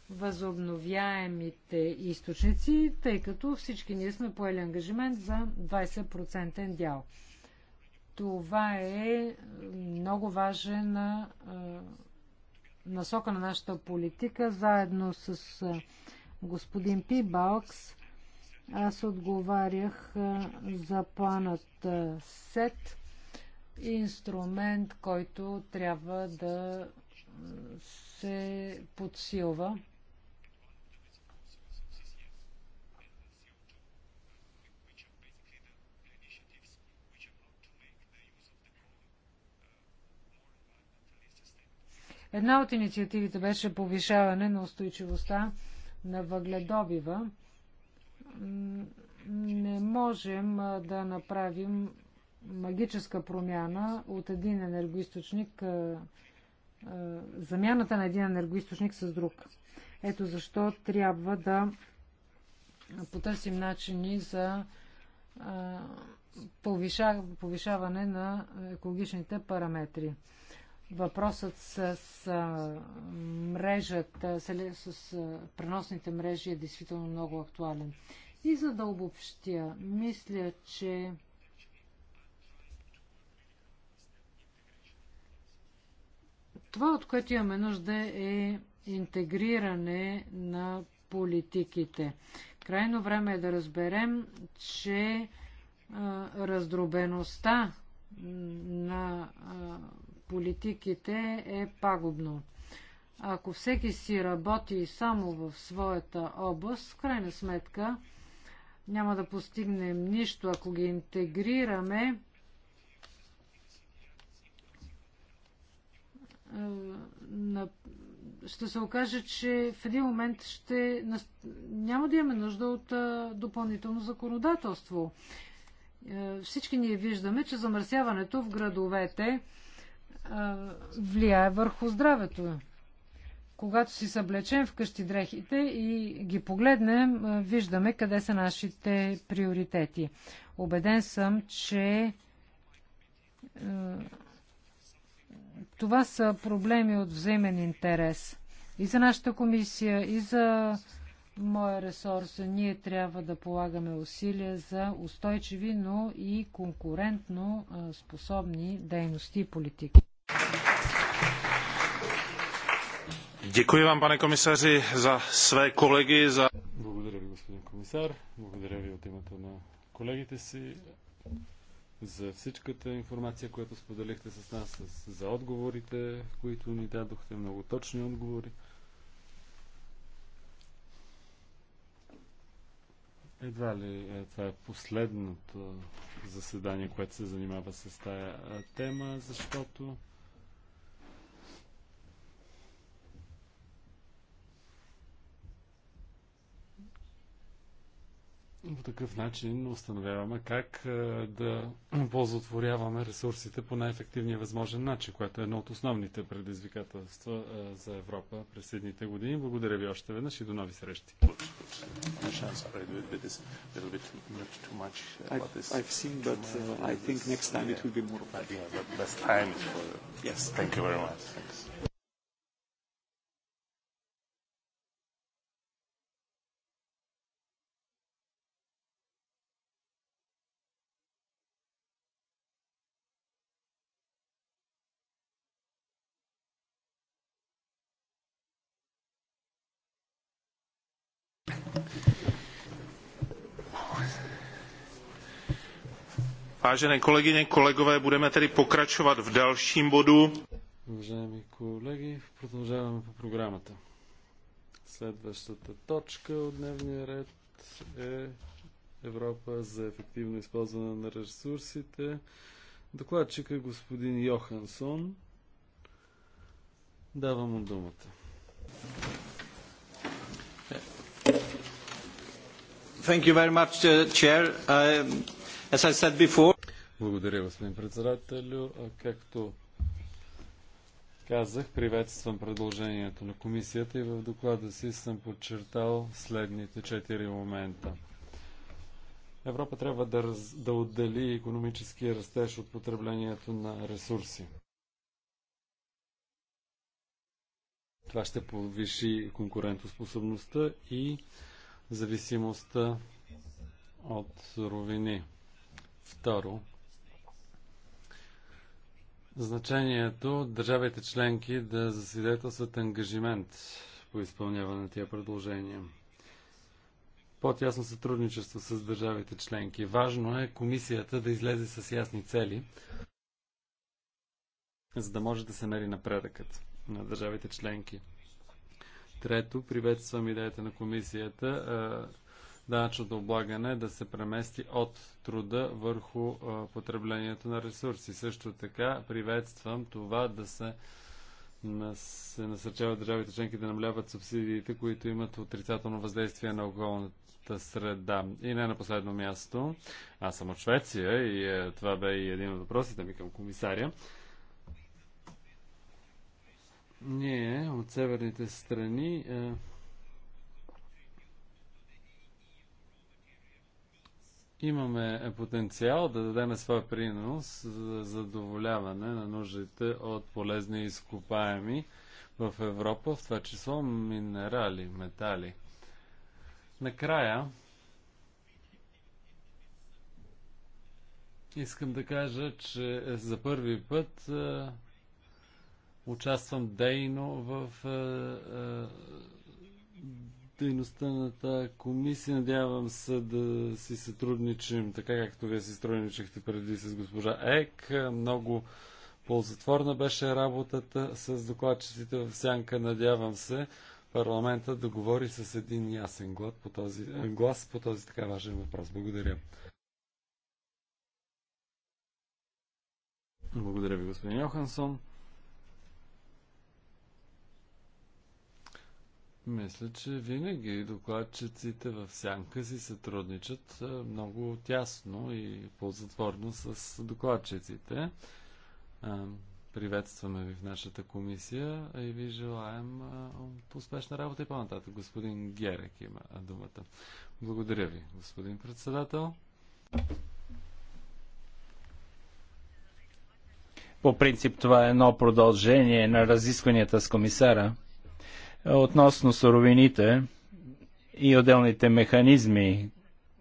възобновяемите източници, тъй като всички ние сме поели ангажимент за 20% дял. Това е, е много важен е, насока на нашата политика. Заедно с е, господин Пибалкс аз отговарях за планът СЕТ, инструмент, който трябва да се подсилва. Една от инициативите беше повишаване на устойчивостта на въгледобива. Не можем да направим магическа промяна от един енергоисточник, замяната на един енергоисточник с друг. Ето защо трябва да потърсим начини за повишаване на екологичните параметри. Въпросът с, с мрежата, с, с преносните мрежи е действително много актуален. И за да обобщя, мисля, че това, от което имаме нужда е интегриране на политиките. Крайно време е да разберем, че а, раздробеността на а, политиките е пагубно. Ако всеки си работи само в своята област, в крайна сметка няма да постигнем нищо, ако ги интегрираме. Е, ще се окаже, че в един момент ще, няма да имаме нужда от е, допълнително законодателство. Е, всички ние виждаме, че замърсяването в градовете влияе върху здравето. Когато си съблечем вкъщи дрехите и ги погледнем, виждаме къде са нашите приоритети. Обеден съм, че това са проблеми от взаимен интерес. И за нашата комисия, и за моя ресурс, ние трябва да полагаме усилия за устойчиви, но и конкурентно способни дейности и политики. Děkuji vám, pane komisaři, за své колеги, за... Благодаря ви, господин комисар. Благодаря ви от името на колегите си за всичката информация, която споделихте с нас, за отговорите, които ни дадохте, много точни отговори. Едва ли е, това е последното заседание, което се занимава с тая тема, защото по такъв начин установяваме как е, да *clears throat* ползотворяваме ресурсите по най-ефективния възможен начин, което е едно от основните предизвикателства е, за Европа през следните години. Благодаря ви още веднъж и до нови срещи. Uh, Vážené kolegyně, kolegové, budeme tedy pokračovat v dalším bodu. Уважаеми колеги, продължаваме по програмата. Следващата точка от дневния ред е Европа за ефективно използване на ресурсите. Докладчик е господин Йохансон. Давам му думата. Thank you very much, uh, Chair. Uh, as I said before, благодаря, господин председателю. Както казах, приветствам предложението на комисията и в доклада си съм подчертал следните четири момента. Европа трябва да, раз, да отдели економическия растеж от потреблението на ресурси. Това ще повиши конкурентоспособността и зависимостта от суровини. Второ, значението държавите членки да засвидетелстват ангажимент по изпълняване на тия предложения. По-тясно сътрудничество с държавите членки. Важно е комисията да излезе с ясни цели, за да може да се мери напредъкът на държавите членки. Трето, приветствам идеята на комисията данъчното облагане да се премести от труда върху потреблението на ресурси. Също така приветствам това да се, се насърчават държавите членки да намаляват субсидиите, които имат отрицателно въздействие на околната среда. И не на последно място, аз съм от Швеция и е, това бе и един от въпросите ми към комисаря. Ние от северните страни е, имаме потенциал да дадем своя принос за задоволяване на нуждите от полезни изкопаеми в Европа, в това число минерали, метали. Накрая, искам да кажа, че за първи път участвам дейно в дейността на тази комисия. Надявам се да си сътрудничим, така както вие си сътрудничахте преди с госпожа Ек. Много ползотворна беше работата с докладчиците в Сянка. Надявам се парламента да говори с един ясен глас по този, е, глас по този така важен въпрос. Благодаря. Благодаря ви, господин Йохансон. Мисля, че винаги докладчиците в сянка си сътрудничат много тясно и по-затворно с докладчиците. Приветстваме ви в нашата комисия и ви желаем успешна работа и по-нататък. Господин Герек има думата. Благодаря ви, господин председател. По принцип това е едно продължение на разискванията с комисара – Относно суровините и отделните механизми,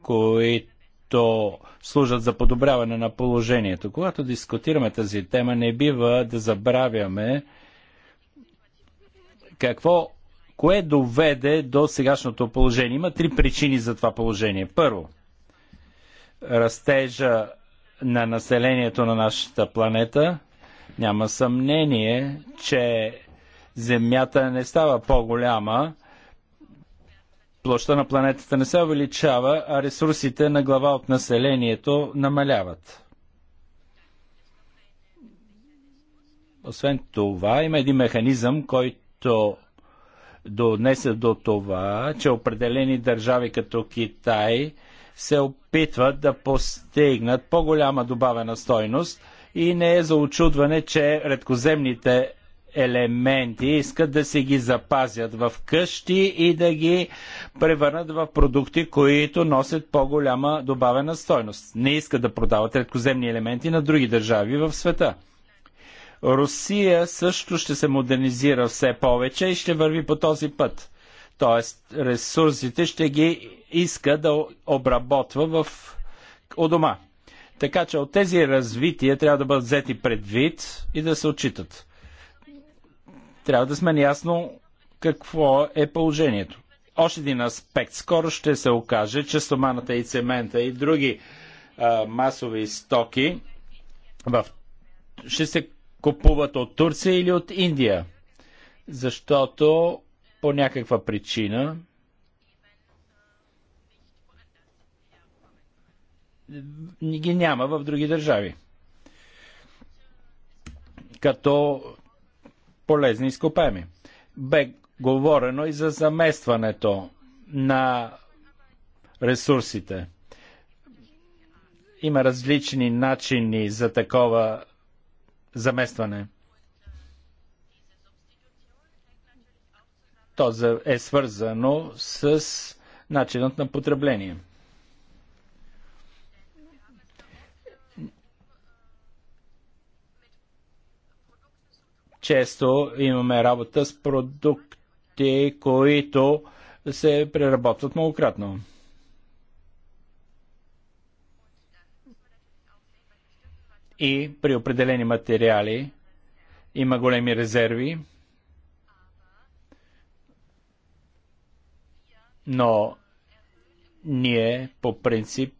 които служат за подобряване на положението. Когато дискутираме тази тема, не бива да забравяме какво, кое доведе до сегашното положение. Има три причини за това положение. Първо, растежа на населението на нашата планета. Няма съмнение, че Земята не става по-голяма, площа на планетата не се увеличава, а ресурсите на глава от населението намаляват. Освен това, има един механизъм, който донесе до това, че определени държави като Китай се опитват да постигнат по-голяма добавена стойност и не е за очудване, че редкоземните елементи, искат да си ги запазят в къщи и да ги превърнат в продукти, които носят по-голяма добавена стойност. Не искат да продават редкоземни елементи на други държави в света. Русия също ще се модернизира все повече и ще върви по този път. Тоест, ресурсите ще ги иска да обработва в... у дома. Така че от тези развития трябва да бъдат взети предвид и да се отчитат. Трябва да сме ясно какво е положението. Още един аспект. Скоро ще се окаже, че стоманата и цемента и други а, масови стоки в... ще се купуват от Турция или от Индия. Защото по някаква причина ги няма в други държави. Като полезни изкопаеми. Бе говорено и за заместването на ресурсите. Има различни начини за такова заместване. То е свързано с начинът на потребление. Често имаме работа с продукти, които се преработват многократно. И при определени материали има големи резерви, но ние по принцип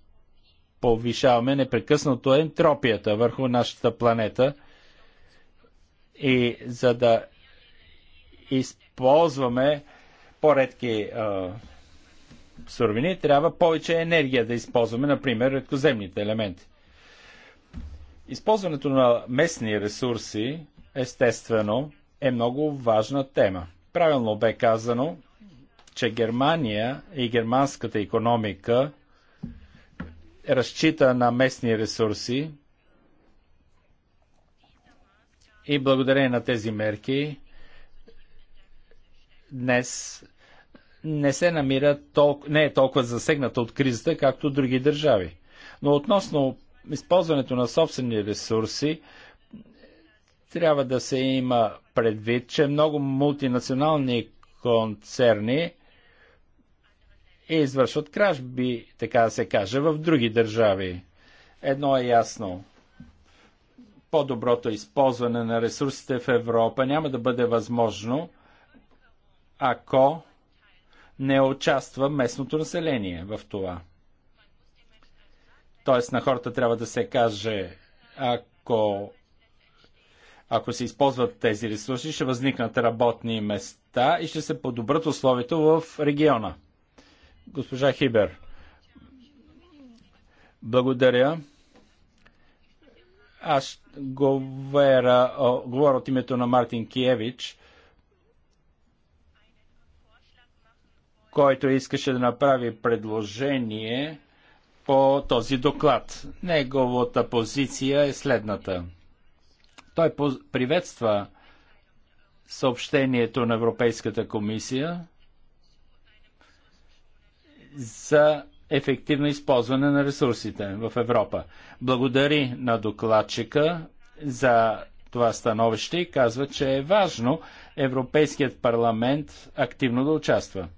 повишаваме непрекъснато ентропията върху нашата планета – и за да използваме по-редки суровини, трябва повече енергия да използваме, например, редкоземните елементи. Използването на местни ресурси, естествено, е много важна тема. Правилно бе казано, че Германия и германската економика разчита на местни ресурси и благодарение на тези мерки днес не се намира тол... не е толкова засегната от кризата, както други държави. Но относно използването на собствени ресурси, трябва да се има предвид, че много мултинационални концерни извършват кражби, така да се каже, в други държави. Едно е ясно по-доброто използване на ресурсите в Европа няма да бъде възможно, ако не участва местното население в това. Тоест на хората трябва да се каже, ако, ако се използват тези ресурси, ще възникнат работни места и ще се подобрат условието в региона. Госпожа Хибер, благодаря. Аз говоря, говоря от името на Мартин Киевич, който искаше да направи предложение по този доклад. Неговата позиция е следната. Той приветства съобщението на Европейската комисия за ефективно използване на ресурсите в Европа. Благодари на докладчика за това становище и казва, че е важно Европейският парламент активно да участва.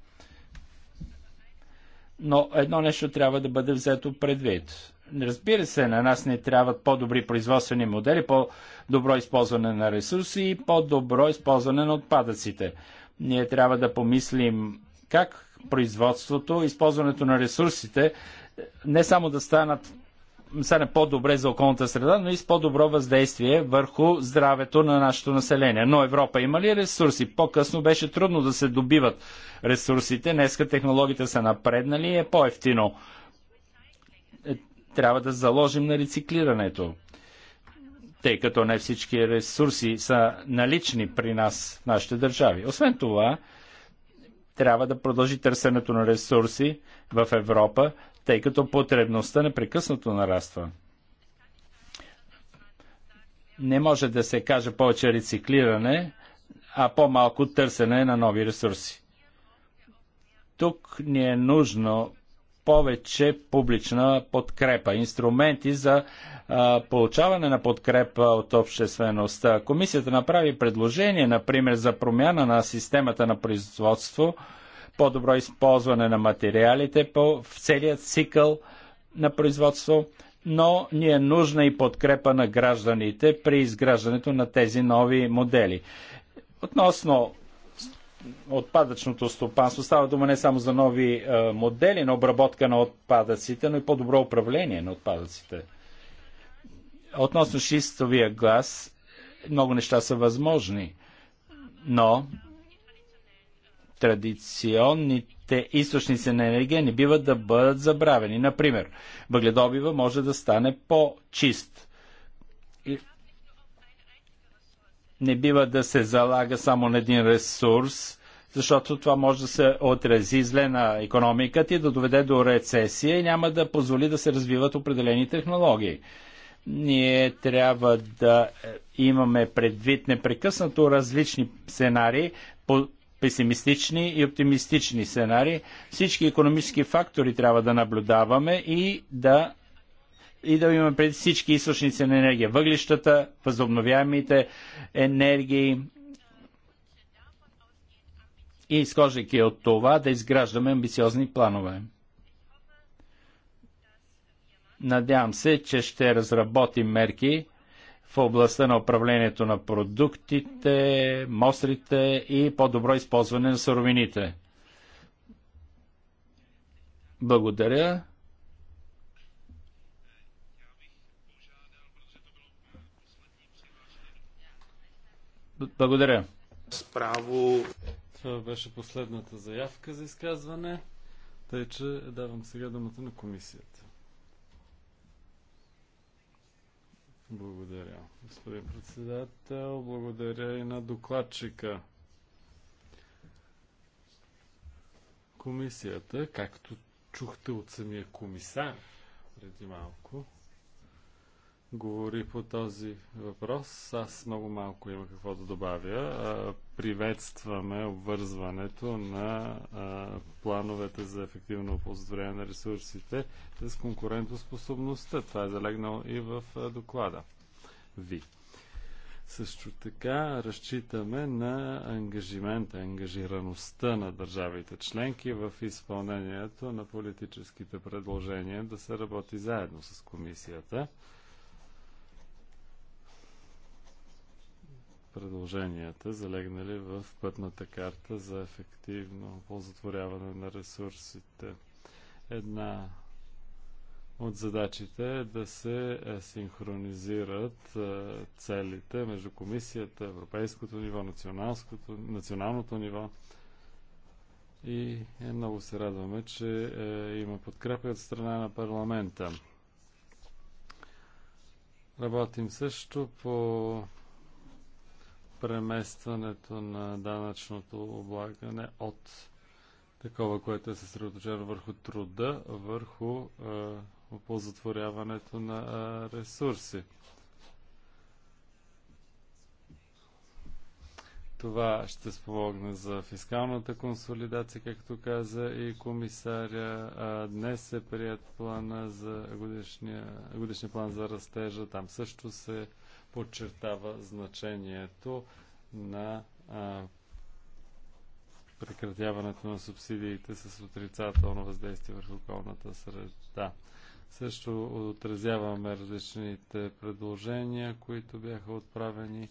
Но едно нещо трябва да бъде взето предвид. Разбира се, на нас не трябват по-добри производствени модели, по-добро използване на ресурси и по-добро използване на отпадъците. Ние трябва да помислим как производството, използването на ресурсите, не само да станат стане по-добре за околната среда, но и с по-добро въздействие върху здравето на нашето население. Но Европа има ли ресурси? По-късно беше трудно да се добиват ресурсите. Днеска технологията са напреднали и е по-ефтино. Е, трябва да заложим на рециклирането, тъй като не всички ресурси са налични при нас в нашите държави. Освен това, трябва да продължи търсенето на ресурси в Европа, тъй като потребността непрекъснато нараства. Не може да се каже повече рециклиране, а по-малко търсене на нови ресурси. Тук ни е нужно повече публична подкрепа, инструменти за а, получаване на подкрепа от обществеността. Комисията направи предложение, например, за промяна на системата на производство, по-добро използване на материалите по, в целият цикъл на производство, но ни е нужна и подкрепа на гражданите при изграждането на тези нови модели. Относно отпадъчното стопанство. Става дума не само за нови е, модели на обработка на отпадъците, но и по-добро управление на отпадъците. Относно шистовия глас, много неща са възможни, но традиционните източници на енергия не биват да бъдат забравени. Например, въгледобива може да стане по-чист не бива да се залага само на един ресурс, защото това може да се отрази зле на економиката и да доведе до рецесия и няма да позволи да се развиват определени технологии. Ние трябва да е, имаме предвид непрекъснато различни сценарии, песимистични и оптимистични сценарии. Всички економически фактори трябва да наблюдаваме и да и да имаме пред всички източници на енергия. Въглищата, възобновяемите енергии и изхождайки от това да изграждаме амбициозни планове. Надявам се, че ще разработим мерки в областта на управлението на продуктите, мострите и по-добро използване на суровините. Благодаря. Благодаря. Справо. Това беше последната заявка за изказване, тъй че давам сега думата на комисията. Благодаря, господин председател. Благодаря и на докладчика. Комисията, както чухте от самия комисар преди малко, говори по този въпрос. Аз много малко има какво да добавя. Приветстваме обвързването на плановете за ефективно оползотворение на ресурсите с конкурентоспособността. Това е залегнало и в доклада ви. Също така разчитаме на ангажимента, ангажираността на държавите членки в изпълнението на политическите предложения да се работи заедно с комисията предложенията, залегнали в пътната карта за ефективно ползатворяване на ресурсите. Една от задачите е да се синхронизират е, целите между комисията, европейското ниво, националното ниво. И е, много се радваме, че е, има подкрепа от страна на парламента. Работим също по преместването на данъчното облагане от такова, което е съсредоточено върху труда, върху оползотворяването на ресурси. Това ще спомогне за фискалната консолидация, както каза и комисаря. А, днес е прият плана за годишния, годишния план за растежа. Там също се подчертава значението на а, прекратяването на субсидиите с отрицателно въздействие върху околната среда. Също отразяваме различните предложения, които бяха отправени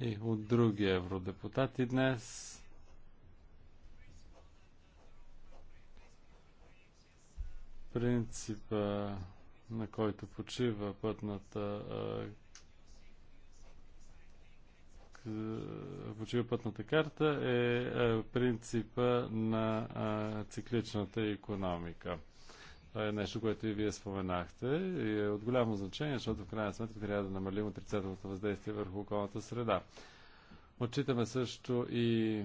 и от други евродепутати днес. Принципа, на който почива пътната е, по пътната карта е, е принципа на е, цикличната економика. Това е нещо, което и вие споменахте и е от голямо значение, защото в крайна сметка трябва да намалим отрицателното въздействие върху околната среда. Отчитаме също и, и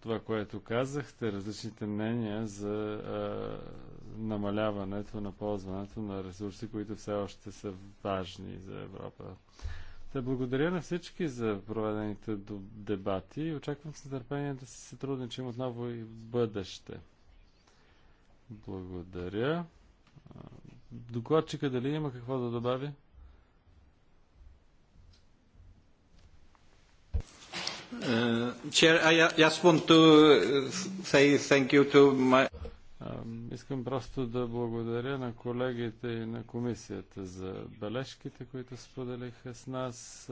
това, което казахте, различните мнения за а, намаляването на ползването на ресурси, които все още са важни за Европа. Да благодаря на всички за проведените дебати и очаквам с нетърпение да се сътрудничим отново и в бъдеще. Благодаря. Докладчика дали има какво да добави? Uh, chair, I just want to е, say thank you to my... Искам просто да благодаря на колегите и на комисията за бележките, които споделиха с нас.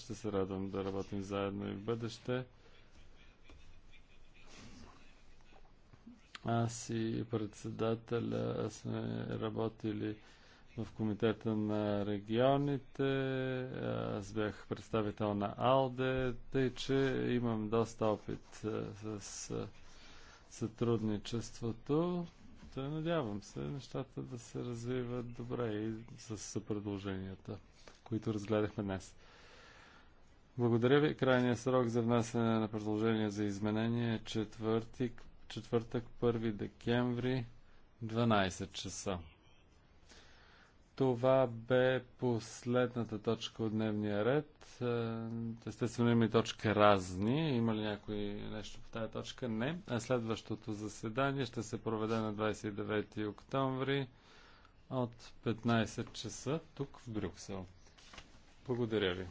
Ще се радвам да работим заедно и в бъдеще. Аз и председателя сме работили в Комитета на регионите. Аз бях представител на АЛДЕ, тъй че имам доста опит с сътрудничеството. Та е, надявам се нещата да се развиват добре и с предложенията, които разгледахме днес. Благодаря ви. Крайният срок за внасяне на предложения за изменение е четвъртък, четвъртък 1 декември 12 часа. Това бе последната точка от дневния ред. Е, естествено има и точка разни. Има ли някой нещо по тази точка? Не. А следващото заседание ще се проведе на 29 октомври от 15 часа тук в Брюксел. Благодаря ви.